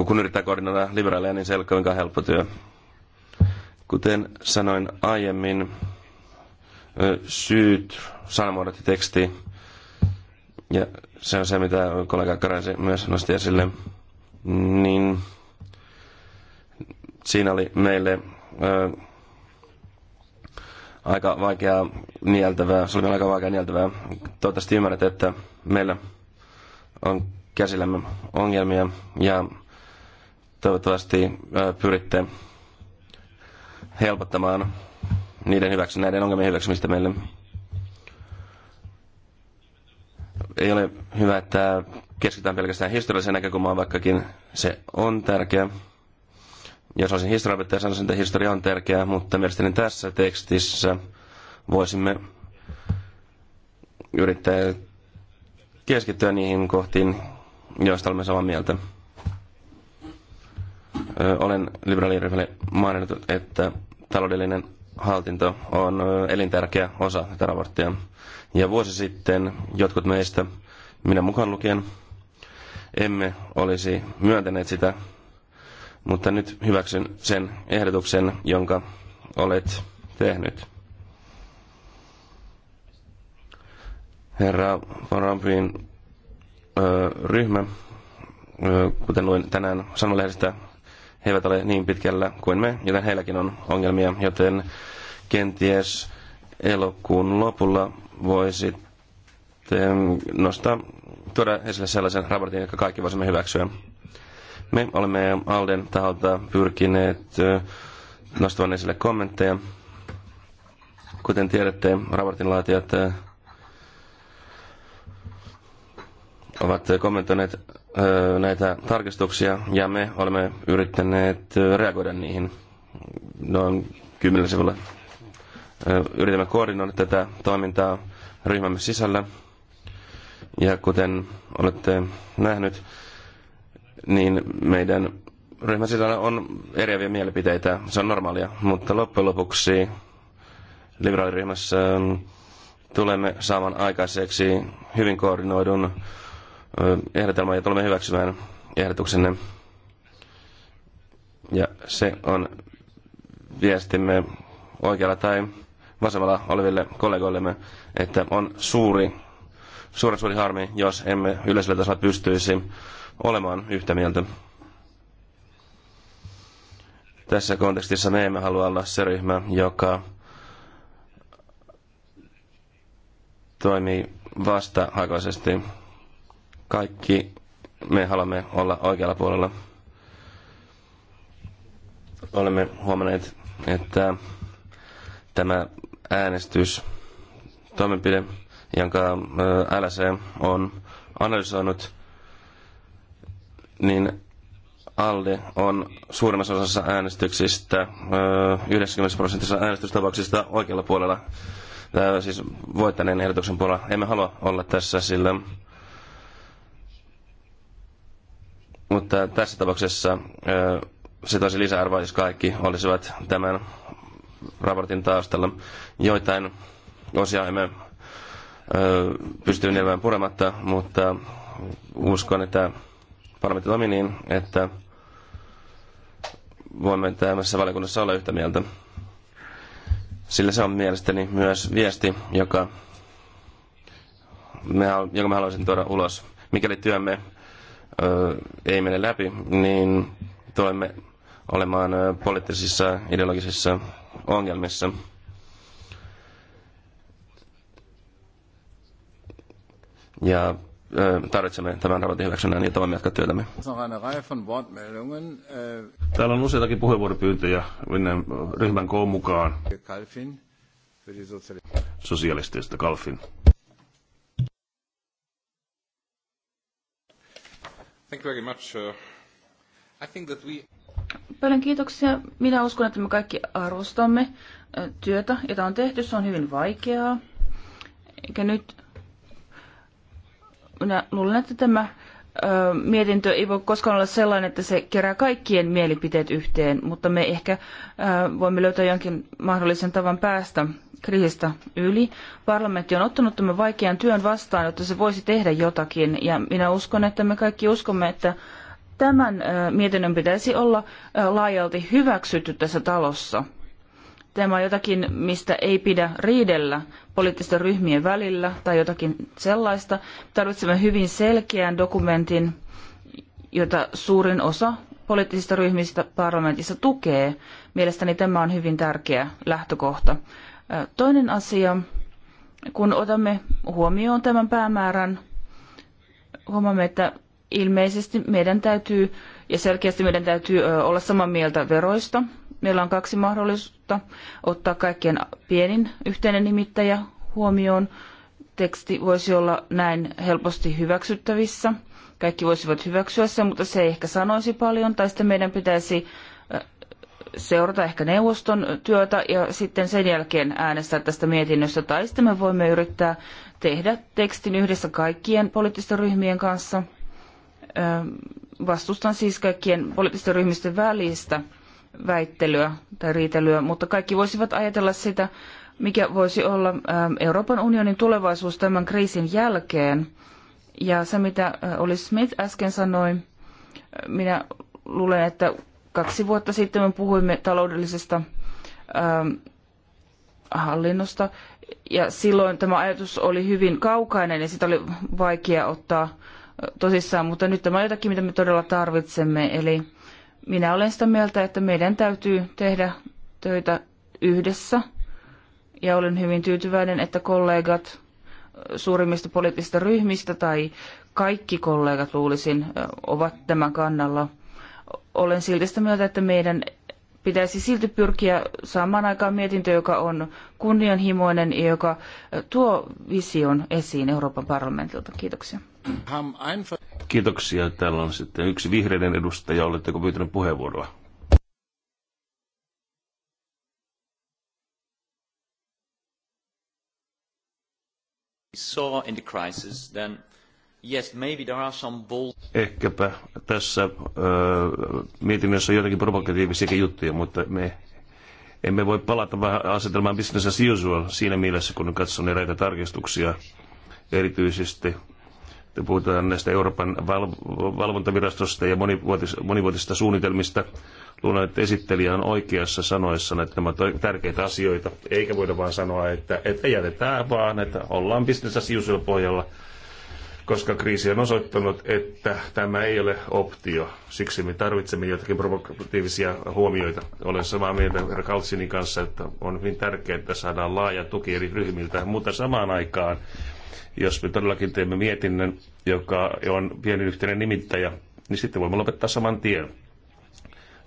kun yrittää koordinoida liberaaleja, niin se ei ole kovinkaan helppo työ. Kuten sanoin aiemmin, syyt sanamuodot ja teksti, ja se on se, mitä kollega Karensi myös nosti esille, niin siinä oli meille aika vaikeaa nieltävää, se oli aika vaikeaa nieltävää. Toivottavasti ymmärrät, että meillä on käsillämme ongelmia ja toivottavasti pyritte helpottamaan niiden hyväksi, näiden ongelmien hyväksymistä meille. Ei ole hyvä, että keskitytään pelkästään historialliseen näkökulmaan, vaikkakin se on tärkeä. Jos olisin historianopettaja, sanoisin, että historia on tärkeää, mutta mielestäni tässä tekstissä voisimme yrittää keskittyä niihin kohtiin, joista olemme samaa mieltä. Ö, olen liberaaliryhmälle maininnut, että taloudellinen haltinto on elintärkeä osa tätä raporttia. Ja vuosi sitten jotkut meistä, minä mukaan lukien, emme olisi myöntäneet sitä mutta nyt hyväksyn sen ehdotuksen, jonka olet tehnyt. Herra Varampin ryhmä, kuten luin tänään sanomalehdestä, he eivät ole niin pitkällä kuin me, joten heilläkin on ongelmia, joten kenties elokuun lopulla voisit ehm, nostaa, tuoda esille sellaisen raportin, jonka kaikki voisimme hyväksyä. Me olemme Alden taholta pyrkineet nostavan esille kommentteja. Kuten tiedätte, laatijat ovat kommentoineet näitä tarkistuksia ja me olemme yrittäneet reagoida niihin noin kymmenellä sivulla. Yritämme koordinoida tätä toimintaa ryhmämme sisällä. Ja kuten olette nähnyt, niin meidän ryhmän sisällä on eriäviä mielipiteitä. Se on normaalia, mutta loppujen lopuksi liberaaliryhmässä ähm, tulemme saamaan aikaiseksi hyvin koordinoidun äh, ehdotelman ja tulemme hyväksymään ehdotuksenne. Ja se on viestimme oikealla tai vasemmalla oleville kollegoillemme, että on suuri, suuren suuri harmi, jos emme yleisellä tasolla pystyisi olemaan yhtä mieltä. Tässä kontekstissa me emme halua olla se ryhmä, joka toimii vastahakoisesti. Kaikki me haluamme olla oikealla puolella. Olemme huomanneet, että tämä äänestys toimenpide, jonka äh, LSE on analysoinut niin Alde on suurimmassa osassa äänestyksistä, 90 prosentissa äänestystapauksista oikealla puolella, siis voittaneen ehdotuksen puolella. Emme halua olla tässä, sillä... Mutta tässä tapauksessa se toisi lisäarvoa, jos kaikki olisivat tämän raportin taustalla. Joitain osia emme pysty nielmään purematta, mutta uskon, että parlamentti toimi niin, että voimme tämässä valiokunnassa olla yhtä mieltä. Sillä se on mielestäni myös viesti, joka, me, joka me haluaisin tuoda ulos. Mikäli työmme ö, ei mene läpi, niin tulemme olemaan ö, poliittisissa, ideologisissa ongelmissa. Ja tarvitsemme tämän raportin hyväksynnän ja toimme jatkaa työtämme. Täällä on useitakin puheenvuoropyyntöjä ryhmän koon mukaan. Sosialistista Kalfin. Thank you very much. Uh, I think that we... Paljon kiitoksia. Minä uskon, että me kaikki arvostamme työtä, jota on tehty. Se on hyvin vaikeaa. Eikä nyt minä luulen, että tämä mietintö ei voi koskaan olla sellainen, että se kerää kaikkien mielipiteet yhteen, mutta me ehkä voimme löytää jonkin mahdollisen tavan päästä kriisistä yli. Parlamentti on ottanut tämän vaikean työn vastaan, jotta se voisi tehdä jotakin, ja minä uskon, että me kaikki uskomme, että tämän mietinnön pitäisi olla laajalti hyväksytty tässä talossa tämä on jotakin, mistä ei pidä riidellä poliittisten ryhmien välillä tai jotakin sellaista. Tarvitsemme hyvin selkeän dokumentin, jota suurin osa poliittisista ryhmistä parlamentissa tukee. Mielestäni tämä on hyvin tärkeä lähtökohta. Toinen asia, kun otamme huomioon tämän päämäärän, huomaamme, että ilmeisesti meidän täytyy ja selkeästi meidän täytyy olla samaa mieltä veroista, meillä on kaksi mahdollisuutta ottaa kaikkien pienin yhteinen nimittäjä huomioon. Teksti voisi olla näin helposti hyväksyttävissä. Kaikki voisivat hyväksyä sen, mutta se ei ehkä sanoisi paljon. Tai sitten meidän pitäisi seurata ehkä neuvoston työtä ja sitten sen jälkeen äänestää tästä mietinnöstä. Tai sitten me voimme yrittää tehdä tekstin yhdessä kaikkien poliittisten ryhmien kanssa. Vastustan siis kaikkien poliittisten ryhmisten välistä väittelyä tai riitelyä, mutta kaikki voisivat ajatella sitä, mikä voisi olla ähm, Euroopan unionin tulevaisuus tämän kriisin jälkeen. Ja se, mitä äh, oli Smith äsken sanoi, äh, minä luulen, että kaksi vuotta sitten me puhuimme taloudellisesta ähm, hallinnosta, ja silloin tämä ajatus oli hyvin kaukainen ja sitä oli vaikea ottaa äh, tosissaan, mutta nyt tämä on jotakin, mitä me todella tarvitsemme, eli minä olen sitä mieltä, että meidän täytyy tehdä töitä yhdessä. Ja olen hyvin tyytyväinen, että kollegat suurimmista poliittisista ryhmistä tai kaikki kollegat luulisin ovat tämän kannalla. Olen silti sitä mieltä, että meidän pitäisi silti pyrkiä saamaan aikaan mietintö, joka on kunnianhimoinen ja joka tuo vision esiin Euroopan parlamentilta. Kiitoksia. Kiitoksia. Täällä on sitten yksi vihreiden edustaja. Oletteko pyytänyt puheenvuoroa? Ehkäpä tässä ö, äh, mietinnössä on jotakin provokatiivisiakin juttuja, mutta me emme voi palata vähän asetelmaan business as usual siinä mielessä, kun katson eräitä tarkistuksia erityisesti puhutaan näistä Euroopan val- valvontavirastosta ja monivuotis- monivuotisista suunnitelmista. Luulen, että esittelijä on oikeassa sanoessa, että nämä ovat tärkeitä asioita, eikä voida vaan sanoa, että, että jätetään vaan, että ollaan business as usual pohjalla, koska kriisi on osoittanut, että tämä ei ole optio. Siksi me tarvitsemme jotakin provokatiivisia huomioita. Olen samaa mieltä herra Kaltsinin kanssa, että on hyvin tärkeää, että saadaan laaja tuki eri ryhmiltä, mutta samaan aikaan jos me todellakin teemme mietinnön, joka on pieni yhteinen nimittäjä, niin sitten voimme lopettaa saman tien.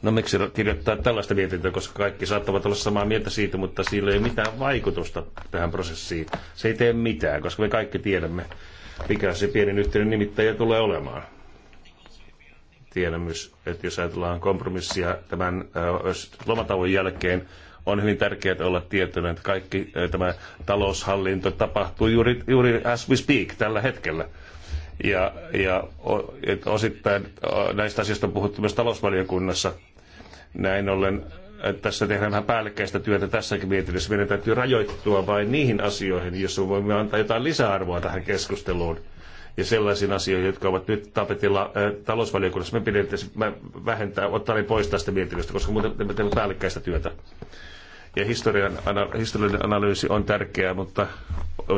No miksi kirjoittaa tällaista mietintöä, koska kaikki saattavat olla samaa mieltä siitä, mutta sillä ei ole mitään vaikutusta tähän prosessiin. Se ei tee mitään, koska me kaikki tiedämme, mikä se pienin yhteinen nimittäjä tulee olemaan. Tiedän että jos ajatellaan kompromissia tämän lomatauon jälkeen, on hyvin tärkeää olla tietoinen, että kaikki tämä taloushallinto tapahtuu juuri, juuri as we speak tällä hetkellä. Ja, ja osittain näistä asioista on puhuttu myös talousvaliokunnassa. Näin ollen tässä tehdään vähän päällekkäistä työtä tässäkin mietinnössä. Meidän täytyy rajoittua vain niihin asioihin, joissa voimme antaa jotain lisäarvoa tähän keskusteluun. Ja sellaisiin asioihin, jotka ovat nyt tapetilla äh, talousvaliokunnassa, me pidetään vähentää, ottaa ne pois tästä mietinnöstä, koska muuten me teemme päällekkäistä työtä ja historian, historiallinen analyysi on tärkeää, mutta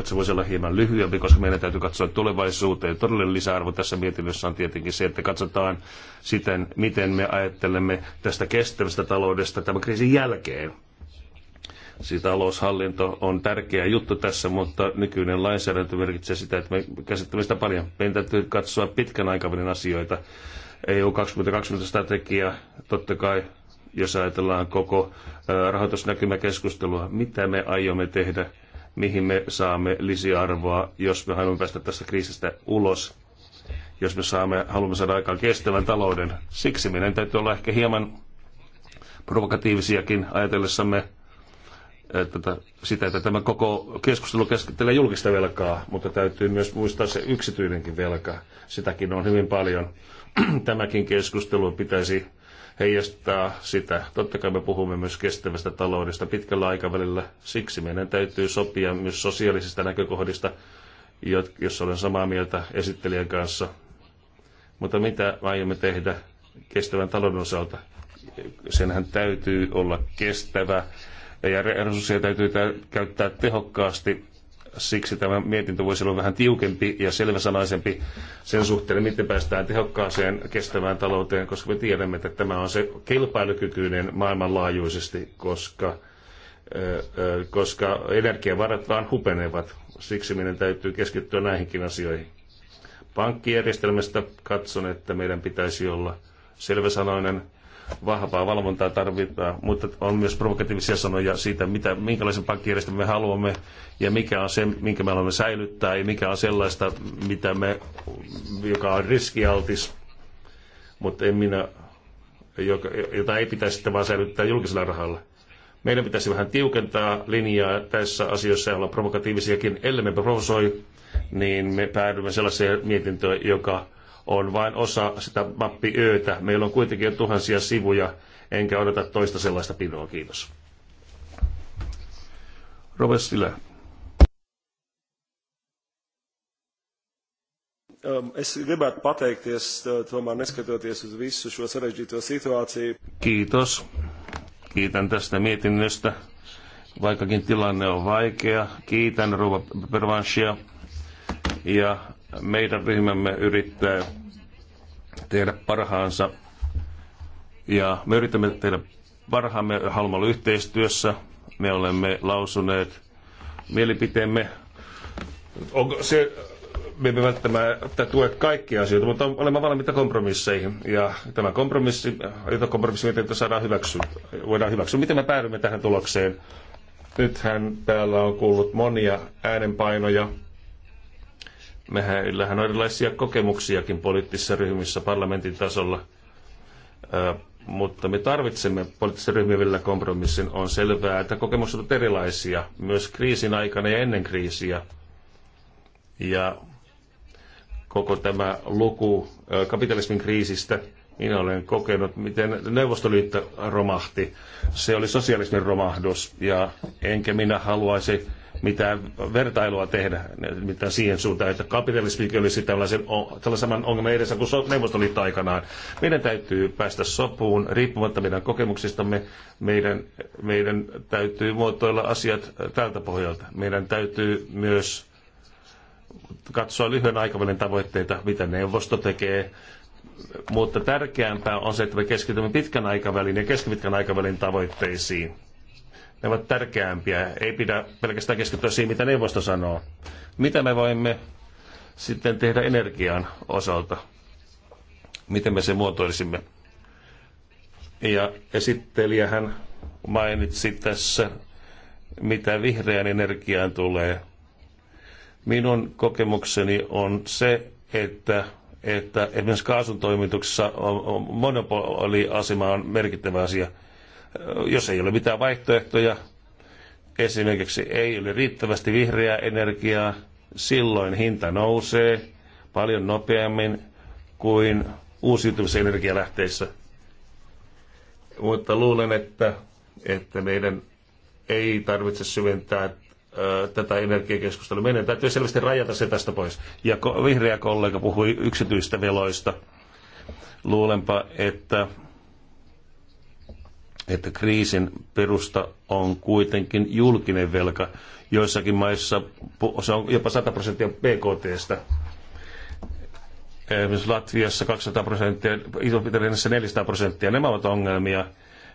se voisi olla hieman lyhyempi, koska meidän täytyy katsoa tulevaisuuteen. Todellinen lisäarvo tässä mietinnössä on tietenkin se, että katsotaan siten, miten me ajattelemme tästä kestävästä taloudesta tämän kriisin jälkeen. Siis taloushallinto on tärkeä juttu tässä, mutta nykyinen lainsäädäntö merkitsee sitä, että me käsittelemme sitä paljon. Meidän täytyy katsoa pitkän aikavälin asioita. EU 2020 strategia totta kai jos ajatellaan koko rahoitusnäkymäkeskustelua, mitä me aiomme tehdä, mihin me saamme lisiarvoa, jos me haluamme päästä tästä kriisistä ulos, jos me saamme, haluamme saada aikaan kestävän talouden. Siksi meidän täytyy olla ehkä hieman provokatiivisiakin ajatellessamme että sitä, että tämä koko keskustelu keskittelee julkista velkaa, mutta täytyy myös muistaa se yksityinenkin velka. Sitäkin on hyvin paljon. (clears throat) Tämäkin keskustelu pitäisi heijastaa sitä. Totta kai me puhumme myös kestävästä taloudesta pitkällä aikavälillä. Siksi meidän täytyy sopia myös sosiaalisista näkökohdista, jos olen samaa mieltä esittelijän kanssa. Mutta mitä aiomme tehdä kestävän talouden osalta? Senhän täytyy olla kestävä ja resursseja täytyy käyttää tehokkaasti Siksi tämä mietintö voisi olla vähän tiukempi ja selväsanaisempi sen suhteen, miten päästään tehokkaaseen kestävään talouteen, koska me tiedämme, että tämä on se kilpailukykyinen maailmanlaajuisesti, koska, koska energiavarat vaan hupenevat. Siksi meidän täytyy keskittyä näihinkin asioihin. Pankkijärjestelmästä katson, että meidän pitäisi olla selväsanoinen vahvaa valvontaa tarvitaan, mutta on myös provokatiivisia sanoja siitä, mitä, minkälaisen pankkijärjestelmän me haluamme ja mikä on se, minkä me haluamme säilyttää ja mikä on sellaista, mitä me, joka on riskialtis, mutta en minä, joka, jota ei pitäisi sitten vaan säilyttää julkisella rahalla. Meidän pitäisi vähän tiukentaa linjaa tässä asiassa ja olla provokatiivisiakin. Ellei provosoi, niin me päädymme sellaiseen mietintöön, joka on vain osa sitä mappiöötä. Meillä on kuitenkin jo tuhansia sivuja, enkä odota toista sellaista pinoa. Kiitos. Robert Silä. Um, es gribētu pateikties, uh, tomēr neskatoties uz visu šo sarežģīto situāciju. Kiitos. Kiitän tästä mietinnöstä. Vaikkakin tilanne on vaikea, kiitän Ruva Pervanssia ja meidän ryhmämme yrittää tehdä parhaansa ja me yritämme tehdä parhaamme halmalla yhteistyössä. Me olemme lausuneet mielipiteemme. Onko se me emme välttämättä tue kaikkia asioita, mutta olemme valmiita kompromisseihin. Ja tämä kompromissi, jota kompromissi saadaan hyväksyä, voidaan hyväksyä. Miten me päädymme tähän tulokseen? Nythän täällä on kuullut monia äänenpainoja. Mehän on erilaisia kokemuksiakin poliittisissa ryhmissä parlamentin tasolla. Ö, mutta me tarvitsemme poliittisen ryhmien välillä kompromissin. On selvää, että kokemukset ovat erilaisia, myös kriisin aikana ja ennen kriisiä. Ja koko tämä luku kapitalismin kriisistä, minä olen kokenut, miten Neuvostoliitto romahti. Se oli sosialismin romahdus, ja enkä minä haluaisi mitään vertailua tehdä mitään siihen suuntaan, että kapitalismi olisi tällaisen, tällaisen ongelman edessä kuin Neuvostoliitto aikanaan. Meidän täytyy päästä sopuun, riippumatta meidän kokemuksistamme, meidän, meidän täytyy muotoilla asiat tältä pohjalta. Meidän täytyy myös katsoa lyhyen aikavälin tavoitteita, mitä neuvosto tekee, mutta tärkeämpää on se, että me keskitymme pitkän aikavälin ja keskipitkän aikavälin tavoitteisiin. Ne ovat tärkeämpiä. Ei pidä pelkästään keskittyä siihen, mitä neuvosto sanoo. Mitä me voimme sitten tehdä energian osalta? Miten me se muotoisimme? Ja esittelijähän mainitsi tässä, mitä vihreän energiaan tulee – Minun kokemukseni on se, että, että esimerkiksi kaasun toimituksessa monopoliasema on merkittävä asia. Jos ei ole mitään vaihtoehtoja, esimerkiksi ei ole riittävästi vihreää energiaa, silloin hinta nousee paljon nopeammin kuin uusiutuvissa energialähteissä. Mutta luulen, että, että meidän ei tarvitse syventää tätä energiakeskustelua. Meidän täytyy selvästi rajata se tästä pois. Ja vihreä kollega puhui yksityistä veloista. Luulenpa, että, että kriisin perusta on kuitenkin julkinen velka. Joissakin maissa se on jopa 100 prosenttia BKTstä. Esimerkiksi Latviassa 200 prosenttia, Iso-Britanniassa 400 prosenttia. Nämä ovat ongelmia.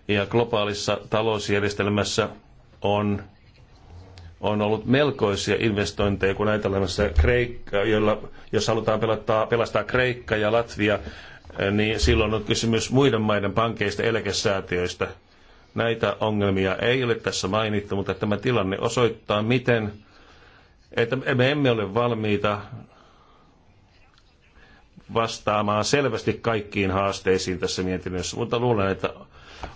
Ja globaalissa talousjärjestelmässä on on ollut melkoisia investointeja, kun ajatellaan se Kreikka, jolla, jos halutaan pelastaa, pelastaa Kreikka ja Latvia, eh, niin silloin on kysymys muiden maiden pankeista eläkesäätiöistä. Näitä ongelmia ei ole tässä mainittu, mutta tämä tilanne osoittaa, miten että me emme ole valmiita vastaamaan selvästi kaikkiin haasteisiin tässä mietinnössä, mutta luulen, että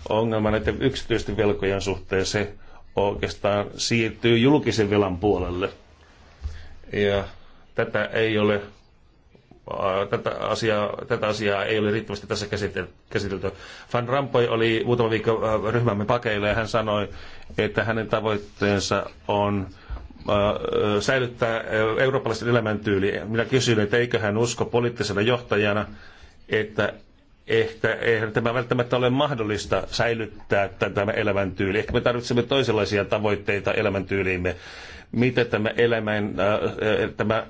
ongelma näiden yksityisten velkojen suhteen se, oikeastaan siirtyy julkisen velan puolelle. Ja tätä ei ole tätä asiaa, tätä asiaa ei ole riittävästi tässä käsitelty. Van Rampoi oli muutama viikko ryhmämme pakeilla ja hän sanoi, että hänen tavoitteensa on säilyttää eurooppalaisen elämäntyyli. Minä kysyin, että eikö hän usko poliittisena johtajana, että ehkä eihän tämä välttämättä ole mahdollista säilyttää tämä elämäntyyli. Ehkä me tarvitsemme toisenlaisia tavoitteita elämäntyyliimme. Mitä tämä, elämän, äh, äh, tämä äh,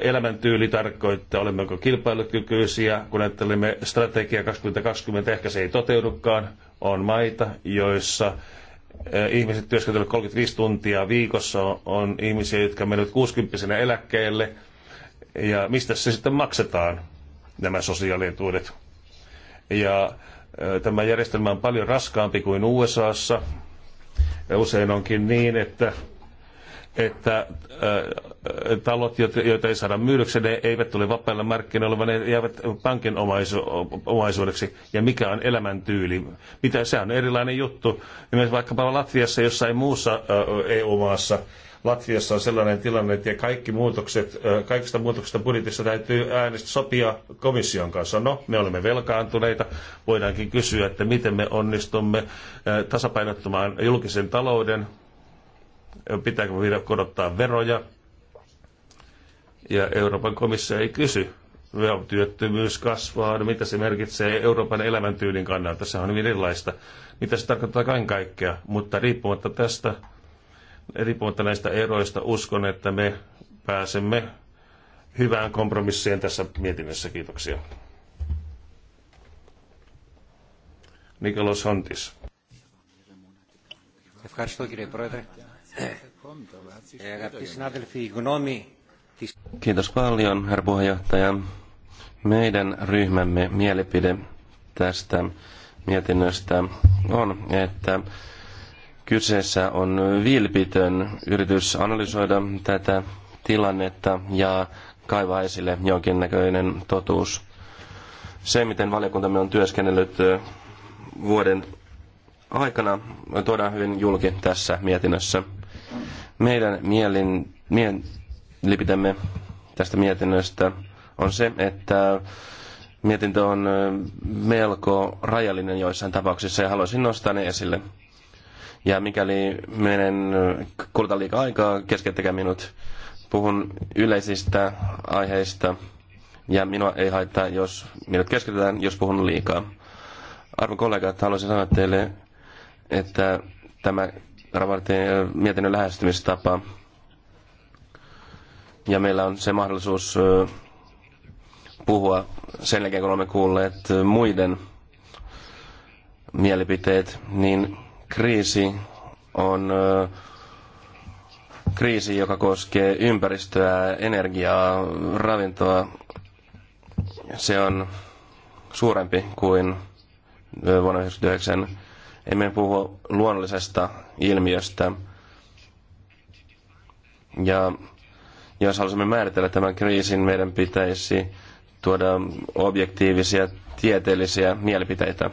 elämäntyyli tarkoittaa, olemmeko kilpailukykyisiä, kun ajattelemme strategia 2020, ehkä se ei toteudukaan. On maita, joissa ihmiset työskentelevät 35 tuntia viikossa, on ihmisiä, jotka menevät 60 eläkkeelle, ja mistä se sitten maksetaan, nämä sosiaalietuudet? Ja tämä järjestelmä on paljon raskaampi kuin USAssa. Ja usein onkin niin, että että ä, talot, joita ei saada myydyksi, ne eivät tule vapailla markkinoilla, vaan ne jäävät pankin omaisu- omaisuudeksi. Ja mikä on elämäntyyli? Mitä, se on erilainen juttu. Esimerkiksi vaikkapa Latviassa jossain muussa EU-maassa Latviassa on sellainen tilanne, että kaikki muutokset, kaikista muutoksista budjetissa täytyy äänestä sopia komission kanssa. No, me olemme velkaantuneita. Voidaankin kysyä, että miten me onnistumme tasapainottamaan julkisen talouden. Pitääkö vielä korottaa veroja? Ja Euroopan komissio ei kysy, työttömyys kasvaa, no mitä se merkitsee Euroopan elämäntyylin kannalta, se on hyvin erilaista. Mitä se tarkoittaa kaiken kaikkea, mutta riippumatta tästä Riippumatta näistä eroista uskon, että me pääsemme hyvään kompromisseen tässä mietinnössä. Kiitoksia. Nikolos Hontis. Kiitos paljon, herra puheenjohtaja. Meidän ryhmämme mielipide tästä mietinnöstä on, että Kyseessä on vilpitön yritys analysoida tätä tilannetta ja kaivaa esille jonkinnäköinen totuus. Se, miten valiokuntamme on työskennellyt vuoden aikana, tuodaan hyvin julki tässä mietinnössä. Meidän mielin, mielipitämme tästä mietinnöstä on se, että mietintö on melko rajallinen joissain tapauksissa ja haluaisin nostaa ne esille. Ja mikäli menen kulta liikaa aikaa, keskeyttäkää minut. Puhun yleisistä aiheista ja minua ei haittaa, jos minut keskitytään, jos puhun liikaa. Arvon kollegat, haluaisin sanoa teille, että tämä raportin äh, mietinnön lähestymistapa ja meillä on se mahdollisuus äh, puhua sen jälkeen, kun olemme kuulleet äh, muiden mielipiteet, niin kriisi on kriisi, joka koskee ympäristöä, energiaa, ravintoa. Se on suurempi kuin vuonna 1999. Emme puhu luonnollisesta ilmiöstä. Ja jos haluamme määritellä tämän kriisin, meidän pitäisi tuoda objektiivisia, tieteellisiä mielipiteitä.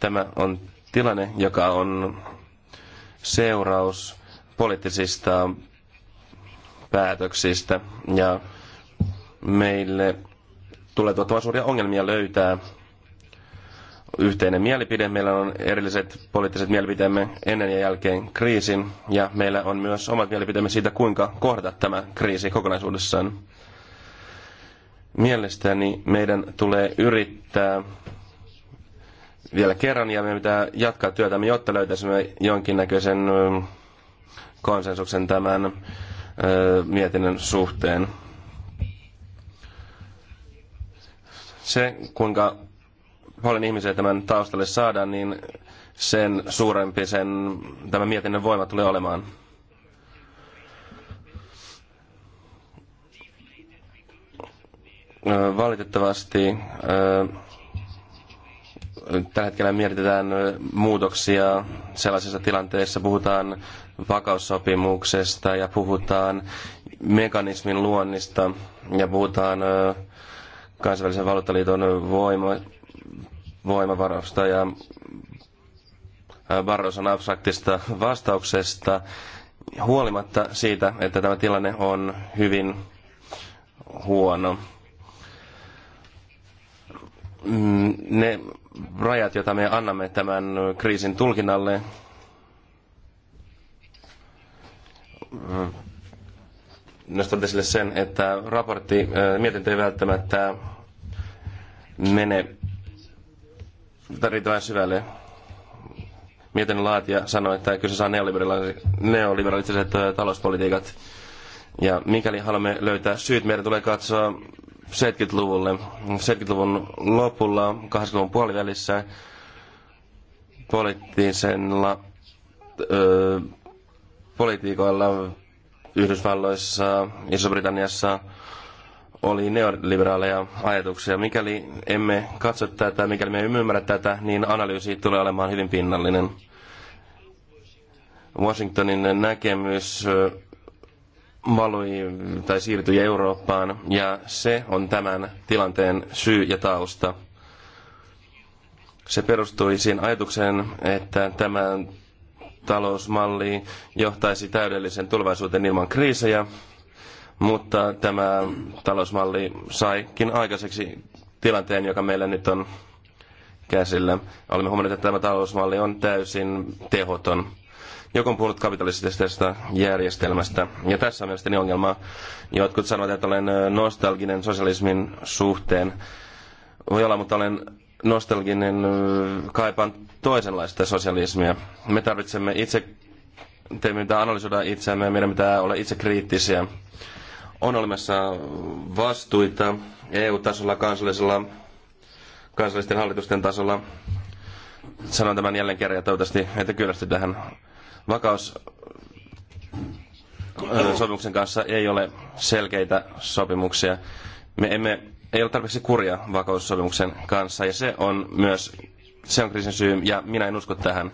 Tämä on tilanne, joka on seuraus poliittisista päätöksistä ja meille tulee tuottamaan suuria ongelmia löytää yhteinen mielipide. Meillä on erilliset poliittiset mielipiteemme ennen ja jälkeen kriisin ja meillä on myös omat mielipiteemme siitä, kuinka kohdata tämä kriisi kokonaisuudessaan. Mielestäni meidän tulee yrittää vielä kerran ja meidän pitää jatkaa työtämme, jotta löytäisimme jonkinnäköisen konsensuksen tämän mietinnön suhteen. Se, kuinka paljon ihmisiä tämän taustalle saadaan, niin sen suurempi sen, tämän mietinnön voima tulee olemaan. Valitettavasti Tällä hetkellä mietitään muutoksia sellaisessa tilanteessa, puhutaan vakaussopimuksesta ja puhutaan mekanismin luonnista ja puhutaan kansainvälisen valuuttaliiton voima, ja Barroson abstraktista vastauksesta huolimatta siitä, että tämä tilanne on hyvin huono. Mm, ne rajat, joita me annamme tämän kriisin tulkinnalle, mm, nostan esille sen, että raportti, äh, mietintö ei välttämättä mene riittävän syvälle. Mietin laatia sanoi, että kyse saa neoliberaaliset äh, talouspolitiikat. Ja mikäli haluamme löytää syyt, meidän tulee katsoa 70-luvulle. 70-luvun lopulla, 80-luvun puolivälissä poliittisella ö, politiikoilla Yhdysvalloissa, Iso-Britanniassa oli neoliberaaleja ajatuksia. Mikäli emme katso tätä, mikäli me emme ymmärrä tätä, niin analyysi tulee olemaan hyvin pinnallinen. Washingtonin näkemys valui tai siirtyi Eurooppaan, ja se on tämän tilanteen syy ja tausta. Se perustui siihen ajatukseen, että tämä talousmalli johtaisi täydellisen tulevaisuuteen ilman kriisejä, mutta tämä talousmalli saikin aikaiseksi tilanteen, joka meillä nyt on käsillä. Olemme huomanneet, että tämä talousmalli on täysin tehoton. Joku on puhunut kapitalistisesta järjestelmästä, ja tässä on mielestäni ongelma, Jotkut sanovat, että olen nostalginen sosialismin suhteen. Voi olla, mutta olen nostalginen, kaipaan toisenlaista sosialismia. Me tarvitsemme itse, teemme pitää analysoida itseämme, meidän pitää olla itse kriittisiä. On olemassa vastuita EU-tasolla, kansallisella, kansallisten hallitusten tasolla. Sanon tämän jälleen kerran ja toivottavasti, että kyllästy tähän vakaussopimuksen kanssa ei ole selkeitä sopimuksia. Me emme, ei ole tarpeeksi kuria vakaussopimuksen kanssa ja se on myös se on kriisin syy ja minä en usko tähän.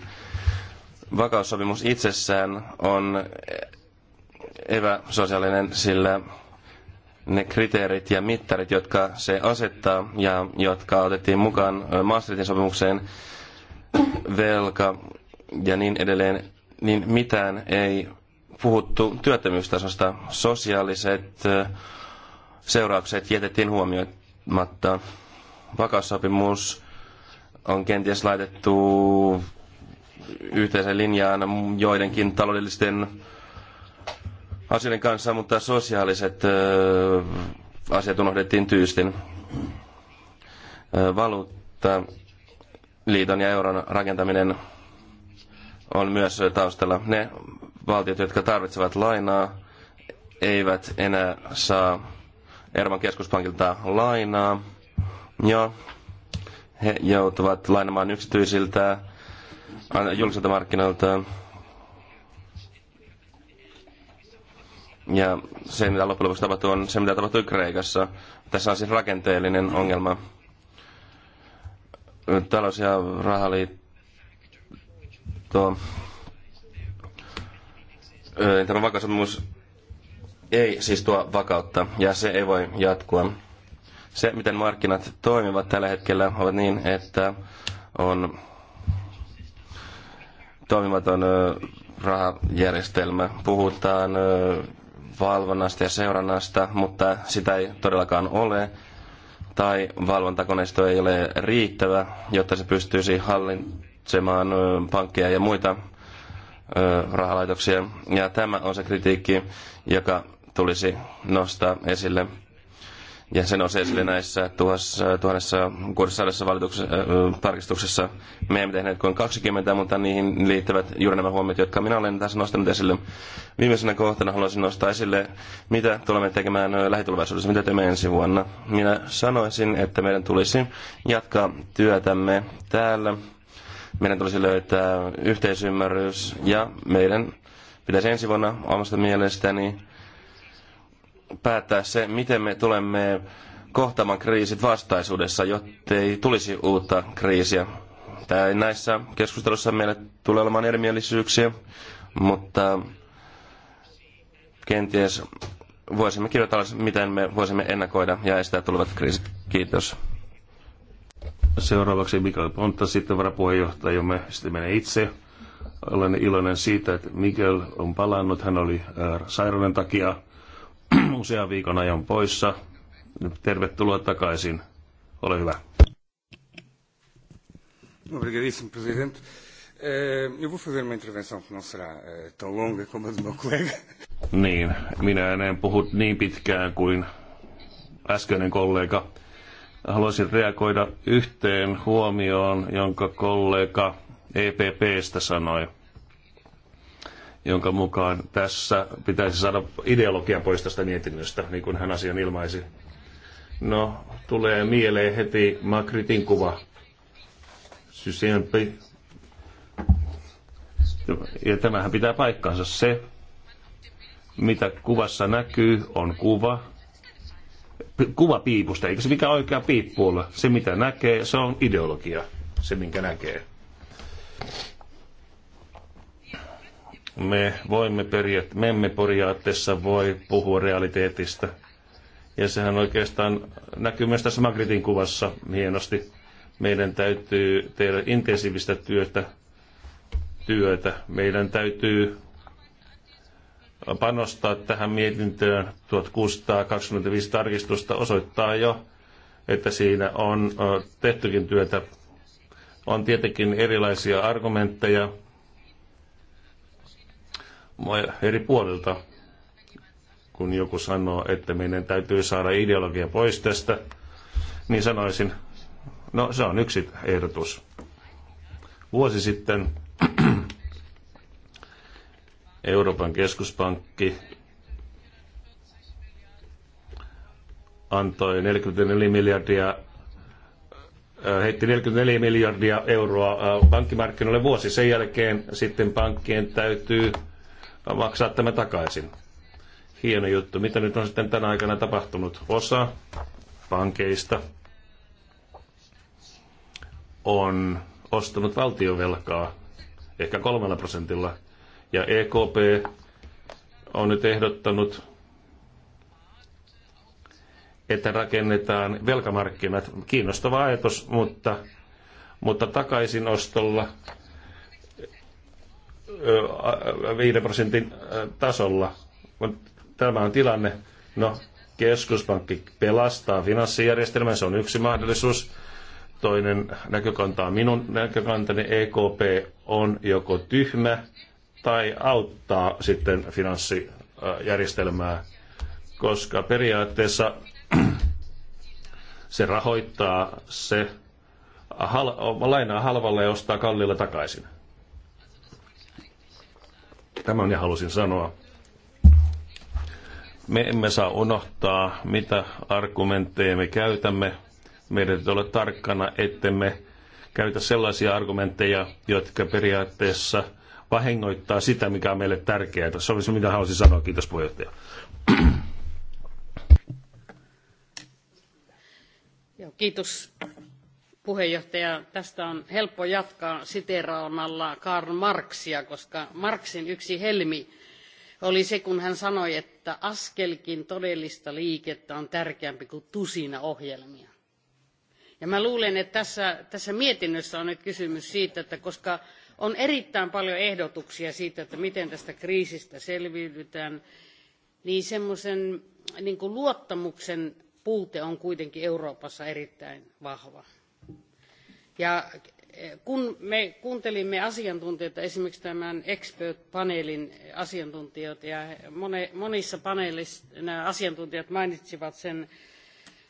Vakaussopimus itsessään on eväsosiaalinen, sillä ne kriteerit ja mittarit, jotka se asettaa ja jotka otettiin mukaan Maastrichtin sopimukseen, velka ja niin edelleen, niin mitään ei puhuttu työttömyystasosta. Sosiaaliset seuraukset jätettiin huomioimatta. Vakaussopimus on kenties laitettu yhteisen linjaan joidenkin taloudellisten asioiden kanssa, mutta sosiaaliset asiat unohdettiin tyystin. Valuutta, liiton ja euron rakentaminen on myös taustalla. Ne valtiot, jotka tarvitsevat lainaa, eivät enää saa Ervan keskuspankilta lainaa. Ja he joutuvat lainamaan yksityisiltä julkiselta markkinoilta. Ja se, mitä loppujen lopuksi tapahtuu, on se, mitä tapahtui Kreikassa. Tässä on siis rakenteellinen ongelma. Talous- ja rahaliitto liitto, tämä vakaussopimus ei siis tuo vakautta ja se ei voi jatkua. Se, miten markkinat toimivat tällä hetkellä, ovat niin, että on toimimaton rahajärjestelmä. Puhutaan valvonnasta ja seurannasta, mutta sitä ei todellakaan ole. Tai valvontakoneisto ei ole riittävä, jotta se pystyisi hallin, suosimaan pankkeja ja muita rahalaitoksia. Ja tämä on se kritiikki, joka tulisi nostaa esille. Ja se nousi esille näissä 1600 valituksessa, äh, tarkistuksessa. Me emme tehneet kuin 20, mutta niihin liittyvät juuri nämä huomiot, jotka minä olen tässä nostanut esille. Viimeisenä kohtana haluaisin nostaa esille, mitä tulemme tekemään lähitulevaisuudessa, mitä teemme ensi vuonna. Minä sanoisin, että meidän tulisi jatkaa työtämme täällä meidän tulisi löytää yhteisymmärrys ja meidän pitäisi ensi vuonna omasta mielestäni päättää se, miten me tulemme kohtaamaan kriisit vastaisuudessa, ei tulisi uutta kriisiä. Tää näissä keskustelussa meille tulee olemaan erimielisyyksiä, mutta kenties voisimme kirjoittaa, miten me voisimme ennakoida ja estää tulevat kriisit. Kiitos. Seuraavaksi Mikael Pontta, sitten varapuheenjohtajamme, sitten menen itse. Olen iloinen siitä, että Mikael on palannut. Hän oli sairauden takia (clears throat) usean viikon ajan poissa. Tervetuloa takaisin. Ole hyvä. Obrigadíssimo, Presidente. Eh, eu vou fazer uma intervenção que não será eh, tão longa como a do meu (laughs) colega. Niin, minä en puhu niin pitkään kuin äskeinen kollega haluaisin reagoida yhteen huomioon, jonka kollega EPPstä sanoi, jonka mukaan tässä pitäisi saada ideologia pois tästä mietinnöstä, niin kuin hän asian ilmaisi. No, tulee mieleen heti Magritin kuva. Sysiempi. Ja tämähän pitää paikkansa. Se, mitä kuvassa näkyy, on kuva, piipusta, eikä se mikä oikea piippu ole. Se mitä näkee, se on ideologia, se minkä näkee. Me, voimme periaat, me emme periaatteessa voi puhua realiteetista. Ja sehän oikeastaan näkyy myös tässä Magritin kuvassa hienosti. Meidän täytyy tehdä intensiivistä työtä, työtä. Meidän täytyy panostaa tähän mietintöön. 1625 tarkistusta osoittaa jo, että siinä on tehtykin työtä. On tietenkin erilaisia argumentteja eri puolilta, kun joku sanoo, että meidän täytyy saada ideologia pois tästä, niin sanoisin, no se on yksi ehdotus. Vuosi sitten Euroopan keskuspankki antoi 44 miljardia äh, heitti 44 miljardia euroa äh, pankkimarkkinoille vuosi. Sen jälkeen sitten pankkien täytyy maksaa tämä takaisin. Hieno juttu. Mitä nyt on sitten tänä aikana tapahtunut? Osa pankeista on ostanut valtiovelkaa ehkä kolmella prosentilla – ja EKP on nyt ehdottanut, että rakennetaan velkamarkkinat. Kiinnostava ajatus, mutta, mutta takaisinostolla 5 prosentin tasolla. Tämä on tilanne. No, keskuspankki pelastaa finanssijärjestelmän, se on yksi mahdollisuus. Toinen näkökanta on minun näkökantani, EKP on joko tyhmä tai auttaa sitten finanssijärjestelmää, koska periaatteessa se rahoittaa se hal, lainaa halvalla ja ostaa kalliilla takaisin. on ja halusin sanoa. Me emme saa unohtaa, mitä argumentteja me käytämme. Meidän täytyy olla tarkkana, ettemme käytä sellaisia argumentteja, jotka periaatteessa – vahingoittaa sitä, mikä on meille tärkeää. Se oli se, mitä haluaisin sanoa. Kiitos puheenjohtaja. Joo, kiitos puheenjohtaja. Tästä on helppo jatkaa siteraamalla Karl Marxia, koska Marxin yksi helmi oli se, kun hän sanoi, että askelkin todellista liikettä on tärkeämpi kuin tusina ohjelmia. Ja mä luulen, että tässä, tässä mietinnössä on nyt kysymys siitä, että koska on erittäin paljon ehdotuksia siitä, että miten tästä kriisistä selviydytään, niin semmoisen niin luottamuksen puute on kuitenkin Euroopassa erittäin vahva. Ja e, kun me kuuntelimme asiantuntijoita, esimerkiksi tämän expert-paneelin asiantuntijoita, ja monissa paneeleissa nämä asiantuntijat mainitsivat sen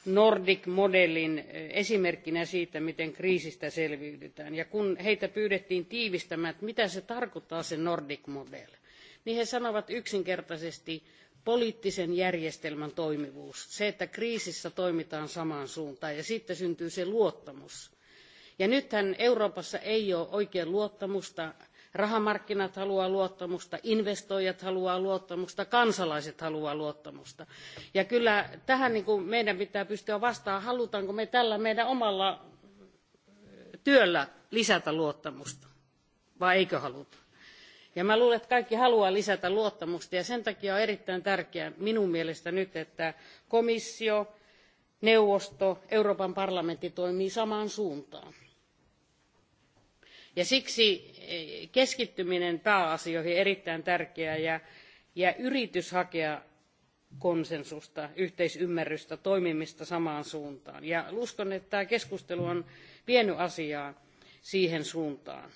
Nordic modelin eh, esimerkkinä siitä, miten kriisistä selviydytään. Ja kun heitä pyydettiin tiivistämään, että mitä se tarkoittaa se Nordic model, niin he sanovat yksinkertaisesti poliittisen järjestelmän toimivuus. Se, että kriisissä toimitaan samaan suuntaan ja sitten syntyy se luottamus. Ja nythän Euroopassa ei ole oikein luottamusta rahamarkkinat haluaa luottamusta investoijat haluaa luottamusta kansalaiset haluaa luottamusta ja kyllä tähän niin kuin meidän pitää pystyä vastaamaan halutaanko me tällä meidän omalla työllä lisätä luottamusta vai eikö haluta. Ja mä luulen, että kaikki haluaa lisätä luottamusta ja sen takia on erittäin tärkeää minun mielestä nyt, että komissio, neuvosto, Euroopan parlamentti toimii samaan suuntaan ja siksi eh, keskittyminen pääasioihin on erittäin tärkeää ja, yritys hakea konsensusta, yhteisymmärrystä, toimimista samaan suuntaan. Ja uskon, että tämä keskustelu on vienyt asiaa siihen suuntaan.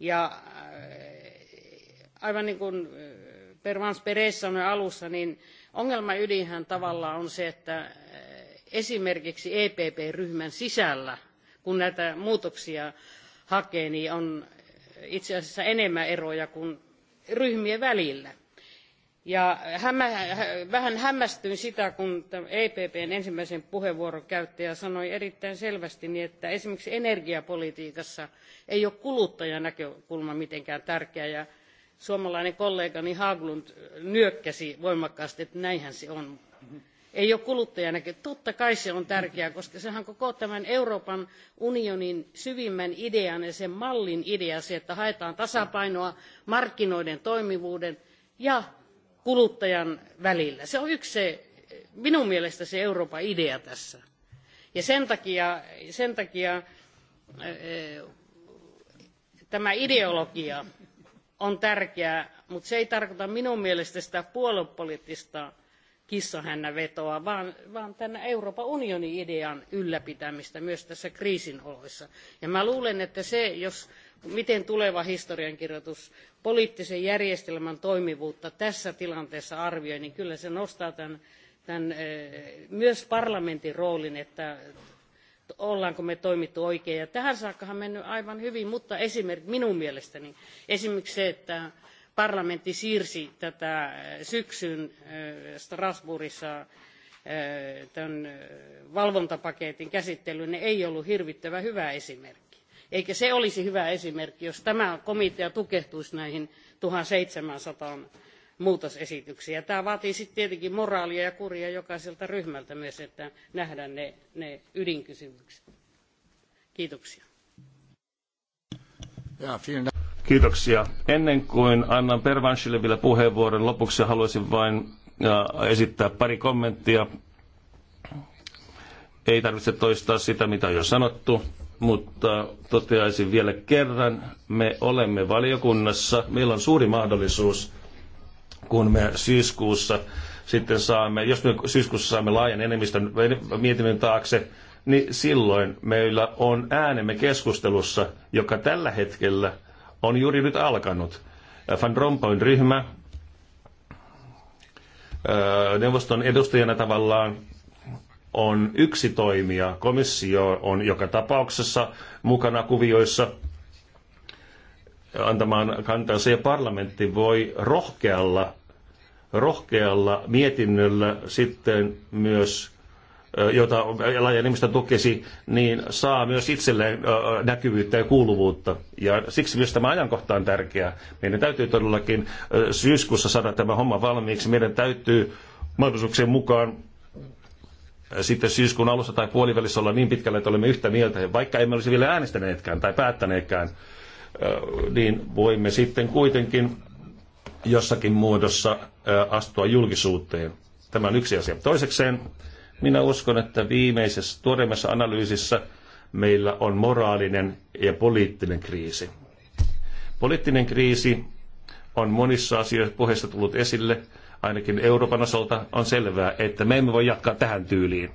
Ja eh, aivan niin kuin eh, Pervans Perez sanoi alussa, niin ongelman ydinhän tavallaan on se, että esimerkiksi EPP-ryhmän sisällä, kun näitä muutoksia hakee, niin on itse asiassa enemmän eroja kuin ryhmien välillä. Ja hämmä, vähän hämmästyin sitä, kun EPPn ensimmäisen puheenvuoron käyttäjä sanoi erittäin selvästi, niin että esimerkiksi energiapolitiikassa ei ole kuluttajanäkökulma mitenkään tärkeä. Ja suomalainen kollegani Haglund nyökkäsi voimakkaasti, että näinhän se on ei ole kuluttajanäkö. Totta kai se on tärkeää, koska sehän on koko tämän Euroopan unionin syvimmän idean ja sen mallin idea se, että haetaan tasapainoa markkinoiden toimivuuden ja kuluttajan välillä. Se on yksi se, minun mielestä se Euroopan idea tässä. Ja sen takia, sen takia eh, tämä ideologia on tärkeää, mutta se ei tarkoita minun mielestä sitä puoluepoliittista kissahännä vetoa, vaan, vaan tänne Euroopan unionin idean ylläpitämistä myös tässä kriisin oloissa. Ja mä luulen, että se, jos miten tuleva historiankirjoitus poliittisen järjestelmän toimivuutta tässä tilanteessa arvioi, niin kyllä se nostaa tämän, tämän myös parlamentin roolin, että ollaanko me toimittu oikein. Ja tähän saakkahan mennyt aivan hyvin, mutta esimerkiksi minun mielestäni esimerkiksi se, että parlamentti siirsi tätä eh, syksyn eh, Strasbourgissa eh, tämän valvontapaketin käsittelyyn, niin ei ollut hirvittävän hyvä esimerkki. Eikä se olisi hyvä esimerkki, jos tämä komitea tukehtuisi näihin 1700 muutosesityksiä. Tämä vaatii sitten tietenkin moraalia ja kuria jokaiselta ryhmältä myös, että nähdään ne, ne ydinkysymykset. Kiitoksia. Ja, Kiitoksia. Ennen kuin annan Pervanchille vielä puheenvuoron, lopuksi haluaisin vain äh, esittää pari kommenttia. Ei tarvitse toistaa sitä, mitä on jo sanottu, mutta toteaisin vielä kerran, me olemme valiokunnassa, meillä on suuri mahdollisuus, kun me syyskuussa sitten saamme, jos me syyskuussa saamme laajan enemmistön mietinnön taakse, niin silloin meillä on äänemme keskustelussa, joka tällä hetkellä – on juuri nyt alkanut. Äh, Van Rompuyn ryhmä äh, neuvoston edustajana tavallaan on yksi toimija. Komissio on joka tapauksessa mukana kuvioissa antamaan kantansa ja parlamentti voi rohkealla, rohkealla mietinnöllä sitten myös jota lajinimistö tukisi, niin saa myös itselleen näkyvyyttä ja kuuluvuutta. Ja siksi myös tämä ajankohta on tärkeä. Meidän täytyy todellakin syyskuussa saada tämä homma valmiiksi. Meidän täytyy mahdollisuuksien mukaan sitten syyskuun alussa tai puolivälissä olla niin pitkälle, että olemme yhtä mieltä, vaikka emme olisi vielä äänestäneetkään tai päättäneetkään, niin voimme sitten kuitenkin jossakin muodossa astua julkisuuteen. Tämä on yksi asia. Toisekseen minä uskon, että viimeisessä tuoreimmassa analyysissä meillä on moraalinen ja poliittinen kriisi. Poliittinen kriisi on monissa asioissa puheessa tullut esille, ainakin Euroopan osalta on selvää, että me emme voi jatkaa tähän tyyliin.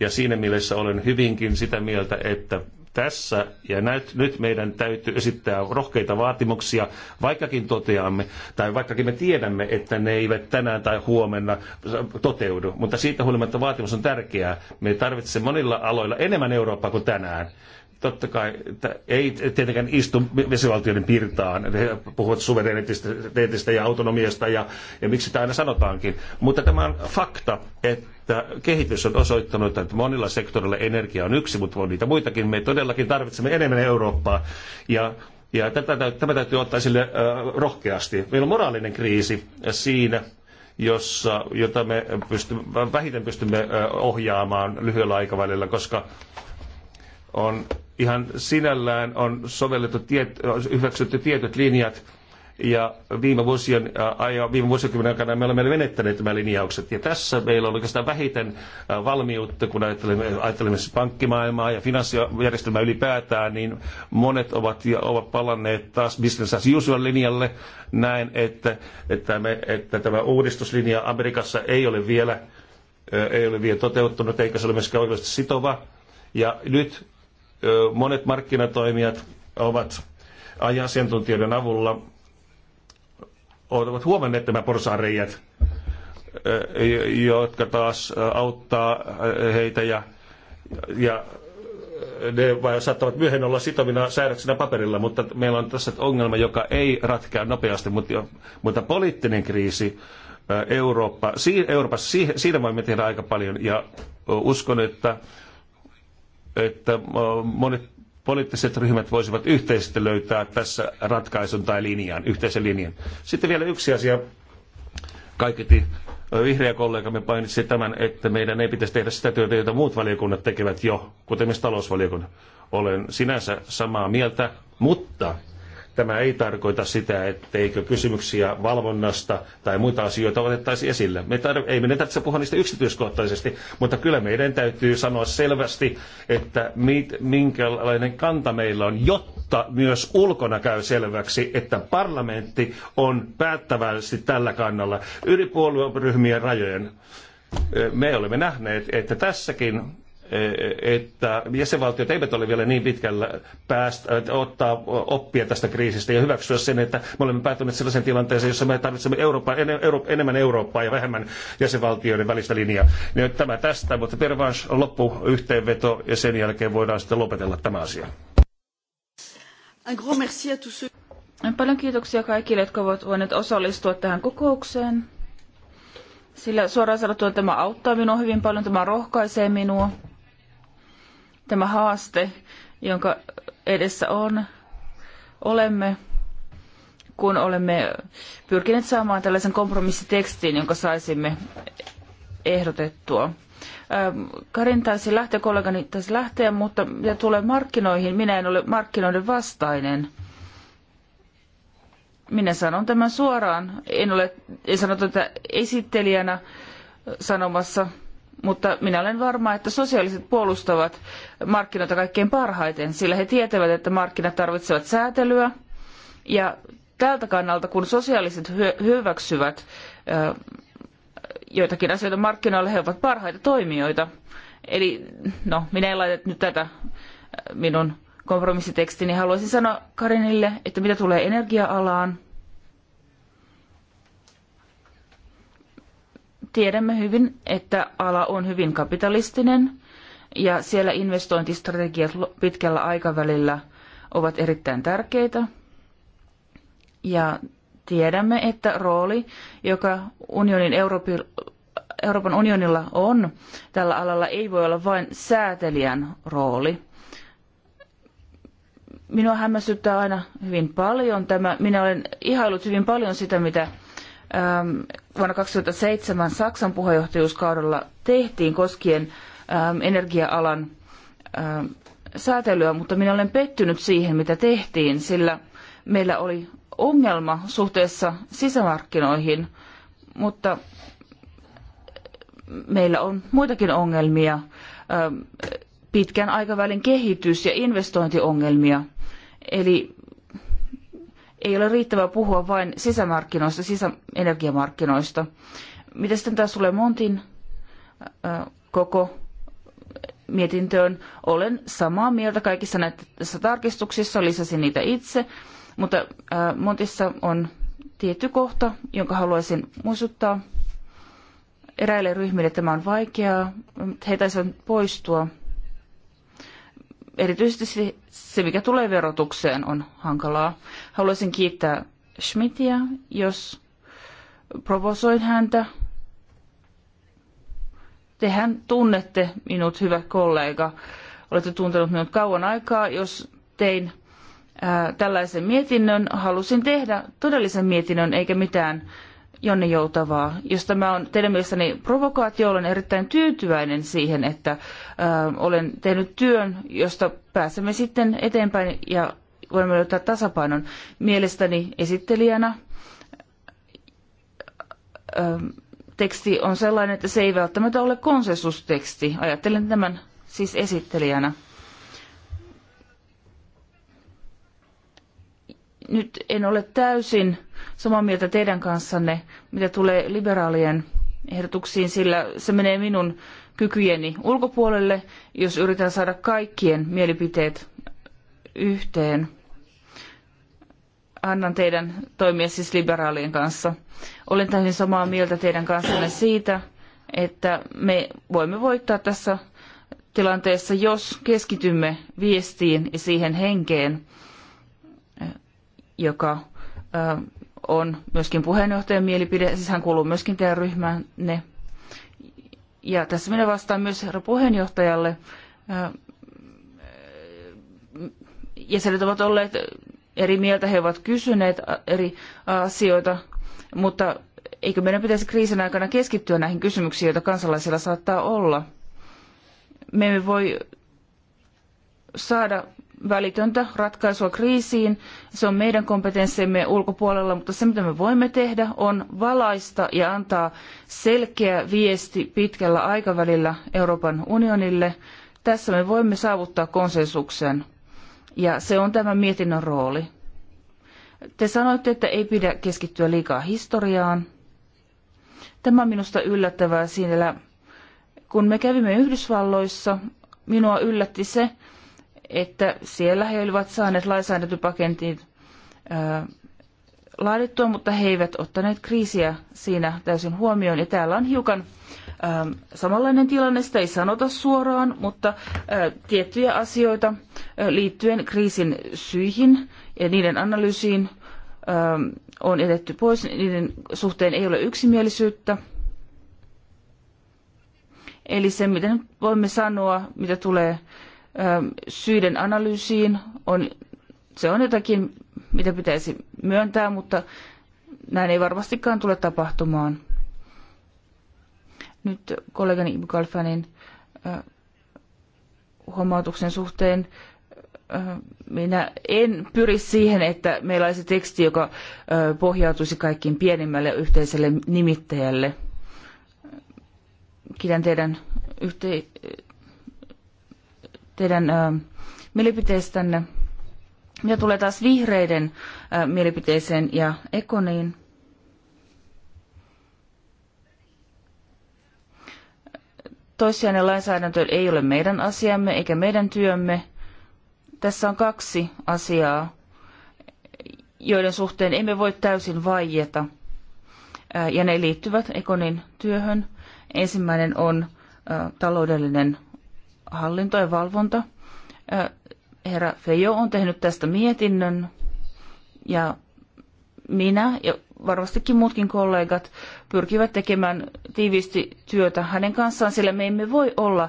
Ja siinä mielessä olen hyvinkin sitä mieltä, että tässä ja nyt meidän täytyy esittää rohkeita vaatimuksia, vaikkakin toteamme tai vaikkakin me tiedämme, että ne eivät tänään tai huomenna toteudu. Mutta siitä huolimatta vaatimus on tärkeää. Me tarvitsemme monilla aloilla enemmän Eurooppaa kuin tänään totta kai, että ei tietenkään istu vesivaltioiden pirtaan. He puhuvat suvereniteetistä ja autonomiasta ja, ja miksi sitä aina sanotaankin. Mutta tämä on fakta, että kehitys on osoittanut, että monilla sektoreilla energia on yksi, mutta on niitä muitakin. Me todellakin tarvitsemme enemmän Eurooppaa ja ja tätä, tämä täytyy ottaa sille äh, rohkeasti. Meillä on moraalinen kriisi siinä, jossa, jota me pystymme, vähiten pystymme ohjaamaan lyhyellä aikavälillä, koska on ihan sinällään on sovellettu tiet, hyväksytty tietyt linjat, ja viime, vuosien, ja viime vuosikymmenen aikana me olemme menettäneet nämä linjaukset. Ja tässä meillä on oikeastaan vähiten valmiutta, kun ajattelemme, ajattelemme siis pankkimaailmaa ja finanssijärjestelmää ylipäätään, niin monet ovat, ja ovat palanneet taas business as usual linjalle. Näin, että, että, me, että tämä uudistuslinja Amerikassa ei ole vielä, ei ole vielä toteutunut, eikä se ole myöskään oikeasti sitova. Ja nyt Monet markkinatoimijat ovat asiantuntijoiden avulla ovat huomanneet nämä porsaanreijät, jotka taas auttaa heitä ja, ja ne vai saattavat myöhemmin olla sitovina säädöksinä paperilla, mutta meillä on tässä ongelma, joka ei ratkea nopeasti, mutta, mutta poliittinen kriisi Eurooppa, Euroopassa, siinä voimme tehdä aika paljon ja uskon, että että monet poliittiset ryhmät voisivat yhteisesti löytää tässä ratkaisun tai linjan, yhteisen linjan. Sitten vielä yksi asia. Kaiketi vihreä kollegamme painitsi tämän, että meidän ei pitäisi tehdä sitä työtä, jota muut valiokunnat tekevät jo, kuten myös talousvaliokunnat. Olen sinänsä samaa mieltä, mutta Tämä ei tarkoita sitä, etteikö kysymyksiä valvonnasta tai muita asioita otettaisi esille. Me tar- ei meidän tarvitse puhua niistä yksityiskohtaisesti, mutta kyllä meidän täytyy sanoa selvästi, että mit, minkälainen kanta meillä on, jotta myös ulkona käy selväksi, että parlamentti on päättävästi tällä kannalla yli puolueryhmien rajojen. Me olemme nähneet, että tässäkin että jäsenvaltiot eivät ole vielä niin pitkällä päästä, äh, ottaa oppia tästä kriisistä ja hyväksyä sen, että me olemme päätyneet sellaisen tilanteeseen, jossa me tarvitsemme Eurooppaa, enemmän Eurooppaa ja vähemmän jäsenvaltioiden välistä linjaa. Niin tämä tästä, mutta Pervans loppu yhteenveto ja sen jälkeen voidaan sitten lopetella tämä asia. Paljon kiitoksia kaikille, jotka ovat voineet osallistua tähän kokoukseen. Sillä suoraan sanottuna tämä auttaa minua hyvin paljon, tämä rohkaisee minua tämä haaste, jonka edessä on, olemme, kun olemme pyrkineet saamaan tällaisen kompromissitekstin, jonka saisimme ehdotettua. Ähm, Karin taisi lähteä, kollegani taisi lähteä, mutta ja tulee markkinoihin, minä en ole markkinoiden vastainen. Minä sanon tämän suoraan. En ole, en sano tätä esittelijänä sanomassa mutta minä olen varma, että sosiaaliset puolustavat markkinoita kaikkein parhaiten, sillä he tietävät, että markkinat tarvitsevat säätelyä. Ja tältä kannalta, kun sosiaaliset hyväksyvät joitakin asioita markkinoille, he ovat parhaita toimijoita. Eli no, minä en laita nyt tätä minun kompromissitekstini. Haluaisin sanoa Karinille, että mitä tulee energia-alaan, tiedämme hyvin, että ala on hyvin kapitalistinen ja siellä investointistrategiat pitkällä aikavälillä ovat erittäin tärkeitä. Ja tiedämme, että rooli, joka unionin Euroopan Euroopan unionilla on tällä alalla, ei voi olla vain säätelijän rooli. Minua hämmästyttää aina hyvin paljon tämä. Minä olen ihailut hyvin paljon sitä, mitä Ähm, vuonna 2007 Saksan puheenjohtajuuskaudella tehtiin koskien ähm, energia-alan ähm, säätelyä, mutta minä olen pettynyt siihen, mitä tehtiin, sillä meillä oli ongelma suhteessa sisämarkkinoihin, mutta meillä on muitakin ongelmia, pitkän aikavälin kehitys- ja investointiongelmia. Eli ei ole riittävää puhua vain sisämarkkinoista, sisäenergiamarkkinoista. Mitä sitten taas tulee Montin koko mietintöön? Olen samaa mieltä kaikissa näissä tarkistuksissa, lisäsin niitä itse, mutta Montissa on tietty kohta, jonka haluaisin muistuttaa. Eräille ryhmille tämä on vaikeaa, he taisivat poistua erityisesti se, mikä tulee verotukseen, on hankalaa. Haluaisin kiittää Schmidtia, jos provosoin häntä. Tehän tunnette minut, hyvä kollega. Olette tuntenut minut kauan aikaa. Jos tein ää, tällaisen mietinnön, halusin tehdä todellisen mietinnön eikä mitään jonne joutavaa. josta mä on teidän mielestäni provokaatio, olen erittäin tyytyväinen siihen, että olen tehnyt työn, josta pääsemme sitten eteenpäin ja voimme löytää tasapainon. Mielestäni esittelijänä teksti on sellainen, että se ei välttämättä ole konsensusteksti. Ajattelen tämän siis esittelijänä. Nyt en ole täysin samaa mieltä teidän kanssanne, mitä tulee liberaalien ehdotuksiin, sillä se menee minun kykyjeni ulkopuolelle, jos yritän saada kaikkien mielipiteet yhteen. Annan teidän toimia siis liberaalien kanssa. Olen täysin samaa mieltä teidän kanssanne siitä, että me voimme voittaa tässä tilanteessa, jos keskitymme viestiin ja siihen henkeen, joka äh, on myöskin puheenjohtajan mielipide, siis hän kuuluu myöskin teidän ryhmänne. Ja tässä minä vastaan myös herra puheenjohtajalle. Äh, jäsenet ovat olleet eri mieltä, he ovat kysyneet eri asioita, mutta eikö meidän pitäisi kriisin aikana keskittyä näihin kysymyksiin, joita kansalaisilla saattaa olla? Me emme voi saada välitöntä ratkaisua kriisiin. Se on meidän kompetenssimme ulkopuolella, mutta se mitä me voimme tehdä on valaista ja antaa selkeä viesti pitkällä aikavälillä Euroopan unionille. Tässä me voimme saavuttaa konsensuksen ja se on tämän mietinnön rooli. Te sanoitte, että ei pidä keskittyä liikaa historiaan. Tämä on minusta yllättävää, sillä kun me kävimme Yhdysvalloissa, minua yllätti se, että siellä he olivat saaneet lainsäädäntöpaketin laadittua, mutta he eivät ottaneet kriisiä siinä täysin huomioon. Ja täällä on hiukan samanlainen tilanne, sitä ei sanota suoraan, mutta tiettyjä asioita liittyen kriisin syihin ja niiden analyysiin on edetty pois. Niiden suhteen ei ole yksimielisyyttä. Eli se, miten voimme sanoa, mitä tulee syiden analyysiin. On, se on jotakin, mitä pitäisi myöntää, mutta näin ei varmastikaan tule tapahtumaan. Nyt kollegani Ibn huomautuksen suhteen minä en pyri siihen, että meillä olisi teksti, joka pohjautuisi kaikkiin pienimmälle yhteiselle nimittäjälle. Kiitän teidän yhte- teidän mielipiteistänne. ja Mitä tulee taas vihreiden mielipiteeseen ja ekoniin? Toissijainen lainsäädäntö ei ole meidän asiamme eikä meidän työmme. Tässä on kaksi asiaa, joiden suhteen emme voi täysin vaieta. ja ne liittyvät Ekonin työhön. Ensimmäinen on taloudellinen hallinto ja valvonta. Herra Fejo on tehnyt tästä mietinnön ja minä ja varmastikin muutkin kollegat pyrkivät tekemään tiiviisti työtä hänen kanssaan, sillä me emme voi olla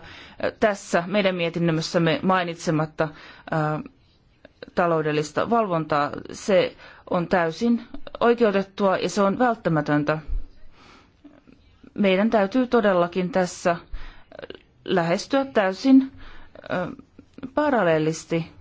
tässä meidän mietinnössämme mainitsematta taloudellista valvontaa. Se on täysin oikeutettua ja se on välttämätöntä. Meidän täytyy todellakin tässä lähestyä täysin paralleellisesti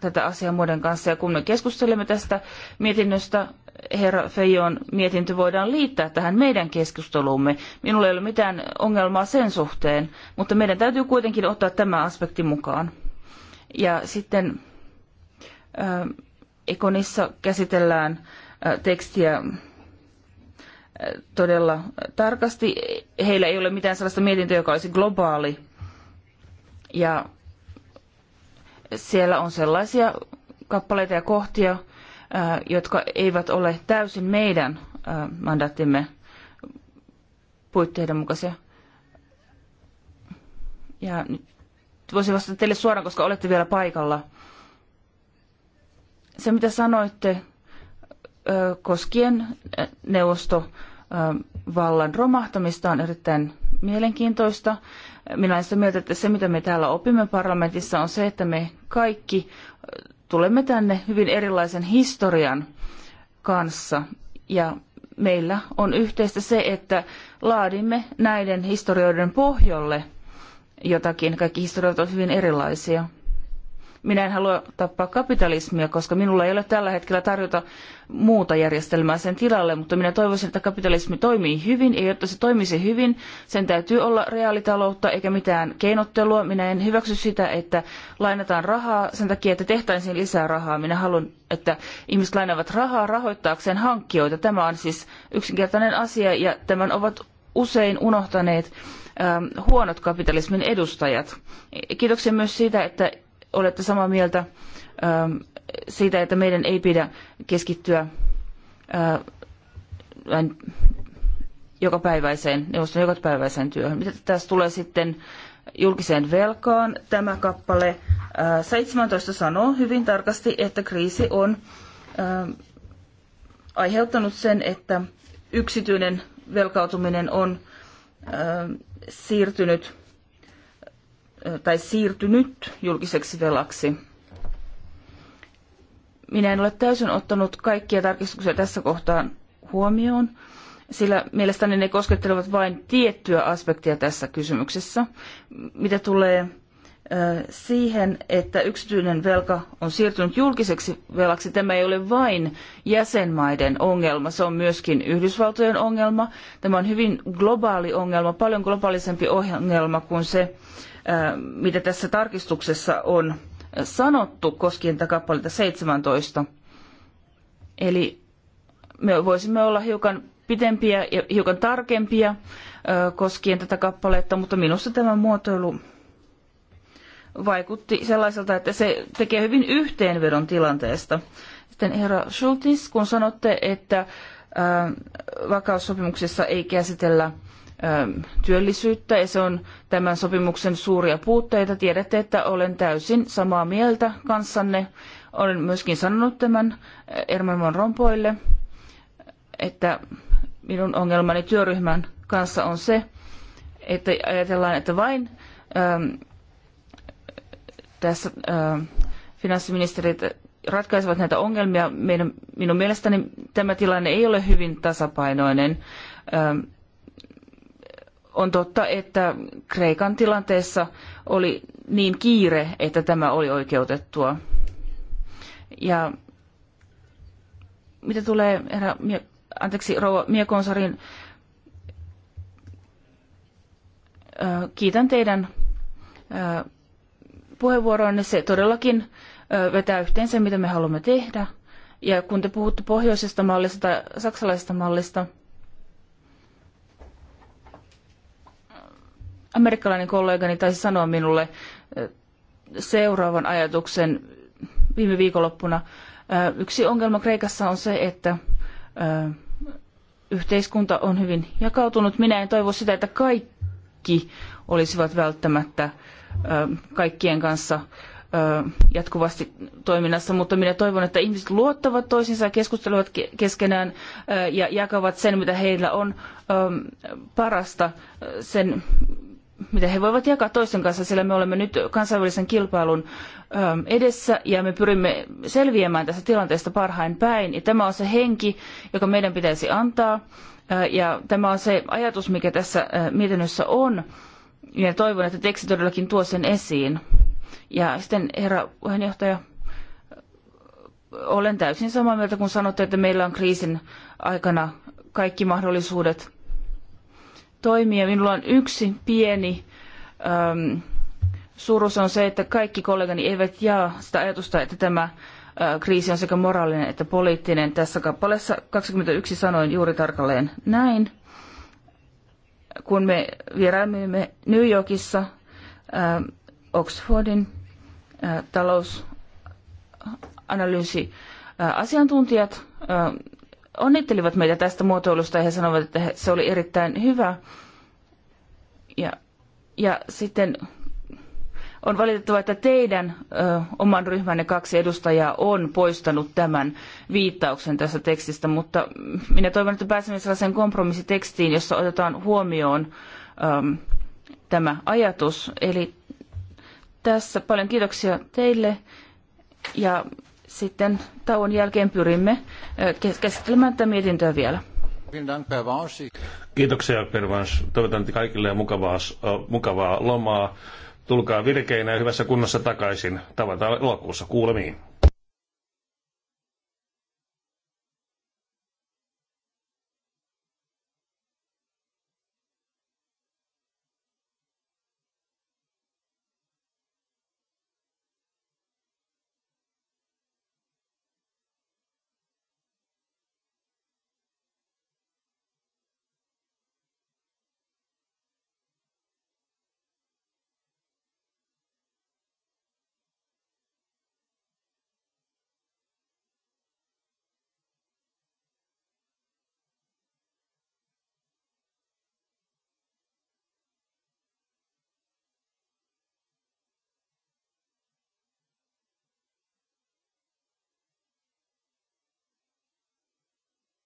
tätä asiaa muiden kanssa. Ja kun me keskustelemme tästä mietinnöstä, herra Feijon mietintö voidaan liittää tähän meidän keskusteluumme. Minulla ei ole mitään ongelmaa sen suhteen, mutta meidän täytyy kuitenkin ottaa tämä aspekti mukaan. Ja sitten äh, Ekonissa käsitellään äh, tekstiä todella tarkasti. Heillä ei ole mitään sellaista mietintöä, joka olisi globaali. Ja siellä on sellaisia kappaleita ja kohtia, äh, jotka eivät ole täysin meidän äh, mandaattimme puitteiden mukaisia. Ja nyt voisin vastata teille suoraan, koska olette vielä paikalla. Se, mitä sanoitte äh, koskien neuvosto vallan romahtamista on erittäin mielenkiintoista. Minä olen sitä mieltä, että se mitä me täällä opimme parlamentissa on se, että me kaikki tulemme tänne hyvin erilaisen historian kanssa. Ja meillä on yhteistä se, että laadimme näiden historioiden pohjalle jotakin. Kaikki historiat ovat hyvin erilaisia minä en halua tappaa kapitalismia, koska minulla ei ole tällä hetkellä tarjota muuta järjestelmää sen tilalle, mutta minä toivoisin, että kapitalismi toimii hyvin, ja jotta se toimisi hyvin, sen täytyy olla reaalitaloutta eikä mitään keinottelua. Minä en hyväksy sitä, että lainataan rahaa sen takia, että tehtäisiin lisää rahaa. Minä haluan, että ihmiset lainaavat rahaa rahoittaakseen hankkijoita. Tämä on siis yksinkertainen asia, ja tämän ovat usein unohtaneet ähm, huonot kapitalismin edustajat. Kiitoksia myös siitä, että olette samaa mieltä ähm, siitä, että meidän ei pidä keskittyä äh, vain jokapäiväiseen, neuvoston jokapäiväiseen työhön. Mitä tässä tulee sitten julkiseen velkaan, tämä kappale 17 äh, sanoo hyvin tarkasti, että kriisi on äh, aiheuttanut sen, että yksityinen velkautuminen on siirtynyt tai siirtynyt julkiseksi velaksi. Minä en ole täysin ottanut kaikkia tarkistuksia tässä kohtaan huomioon, sillä mielestäni ne koskettelevat vain tiettyä aspektia tässä kysymyksessä. Mitä tulee siihen, että yksityinen velka on siirtynyt julkiseksi velaksi, tämä ei ole vain jäsenmaiden ongelma, se on myöskin Yhdysvaltojen ongelma. Tämä on hyvin globaali ongelma, paljon globaalisempi ongelma kuin se, mitä tässä tarkistuksessa on sanottu koskien tätä kappaletta 17. Eli me voisimme olla hiukan pitempiä ja hiukan tarkempia koskien tätä kappaletta, mutta minusta tämä muotoilu vaikutti sellaiselta, että se tekee hyvin yhteenvedon tilanteesta. Sitten herra Schultis, kun sanotte, että vakaussopimuksessa ei käsitellä työllisyyttä ja se on tämän sopimuksen suuria puutteita. Tiedätte, että olen täysin samaa mieltä kanssanne. Olen myöskin sanonut tämän äh, Erman Rompoille, että minun ongelmani työryhmän kanssa on se, että ajatellaan, että vain äm, tässä äm, finanssiministerit ratkaisevat näitä ongelmia. Meidän, minun mielestäni tämä tilanne ei ole hyvin tasapainoinen. Äm, on totta, että Kreikan tilanteessa oli niin kiire, että tämä oli oikeutettua. Ja mitä tulee herra, anteeksi, rouva Miekonsarin, kiitän teidän puheenvuoroanne. Se todellakin vetää yhteen sen, mitä me haluamme tehdä. Ja kun te puhutte pohjoisesta mallista tai saksalaisesta mallista – amerikkalainen kollegani taisi sanoa minulle seuraavan ajatuksen viime viikonloppuna. Yksi ongelma Kreikassa on se, että yhteiskunta on hyvin jakautunut. Minä en toivo sitä, että kaikki olisivat välttämättä kaikkien kanssa jatkuvasti toiminnassa, mutta minä toivon, että ihmiset luottavat toisiinsa ja keskustelevat keskenään ja jakavat sen, mitä heillä on parasta sen mitä he voivat jakaa toisten kanssa, sillä me olemme nyt kansainvälisen kilpailun ähm, edessä ja me pyrimme selviämään tästä tilanteesta parhain päin. Ja tämä on se henki, joka meidän pitäisi antaa äh, ja tämä on se ajatus, mikä tässä äh, mietinnössä on. Ja toivon, että teksti todellakin tuo sen esiin. Ja sitten herra puheenjohtaja, olen täysin samaa mieltä, kun sanotte, että meillä on kriisin aikana kaikki mahdollisuudet toimia. Minulla on yksi pieni äm, surus on se, että kaikki kollegani eivät jaa sitä ajatusta, että tämä äh, kriisi on sekä moraalinen että poliittinen. Tässä kappaleessa 21 sanoin juuri tarkalleen näin. Kun me vierailimme New Yorkissa äh, Oxfordin äh, talousanalyysi asiantuntijat onnittelivat meitä tästä muotoilusta ja he sanovat, että se oli erittäin hyvä. Ja, ja sitten on valitettava, että teidän ö, oman ryhmänne kaksi edustajaa on poistanut tämän viittauksen tästä tekstistä, mutta minä toivon, että pääsemme sellaiseen kompromissitekstiin, jossa otetaan huomioon ö, ähm, tämä ajatus. Eli tässä paljon kiitoksia teille ja sitten tauon jälkeen pyrimme käsittelemään tätä mietintöä vielä. Kiitoksia Pervans. Toivotan kaikille mukavaa, mukavaa lomaa. Tulkaa virkeinä ja hyvässä kunnossa takaisin. Tavataan elokuussa. Kuulemiin.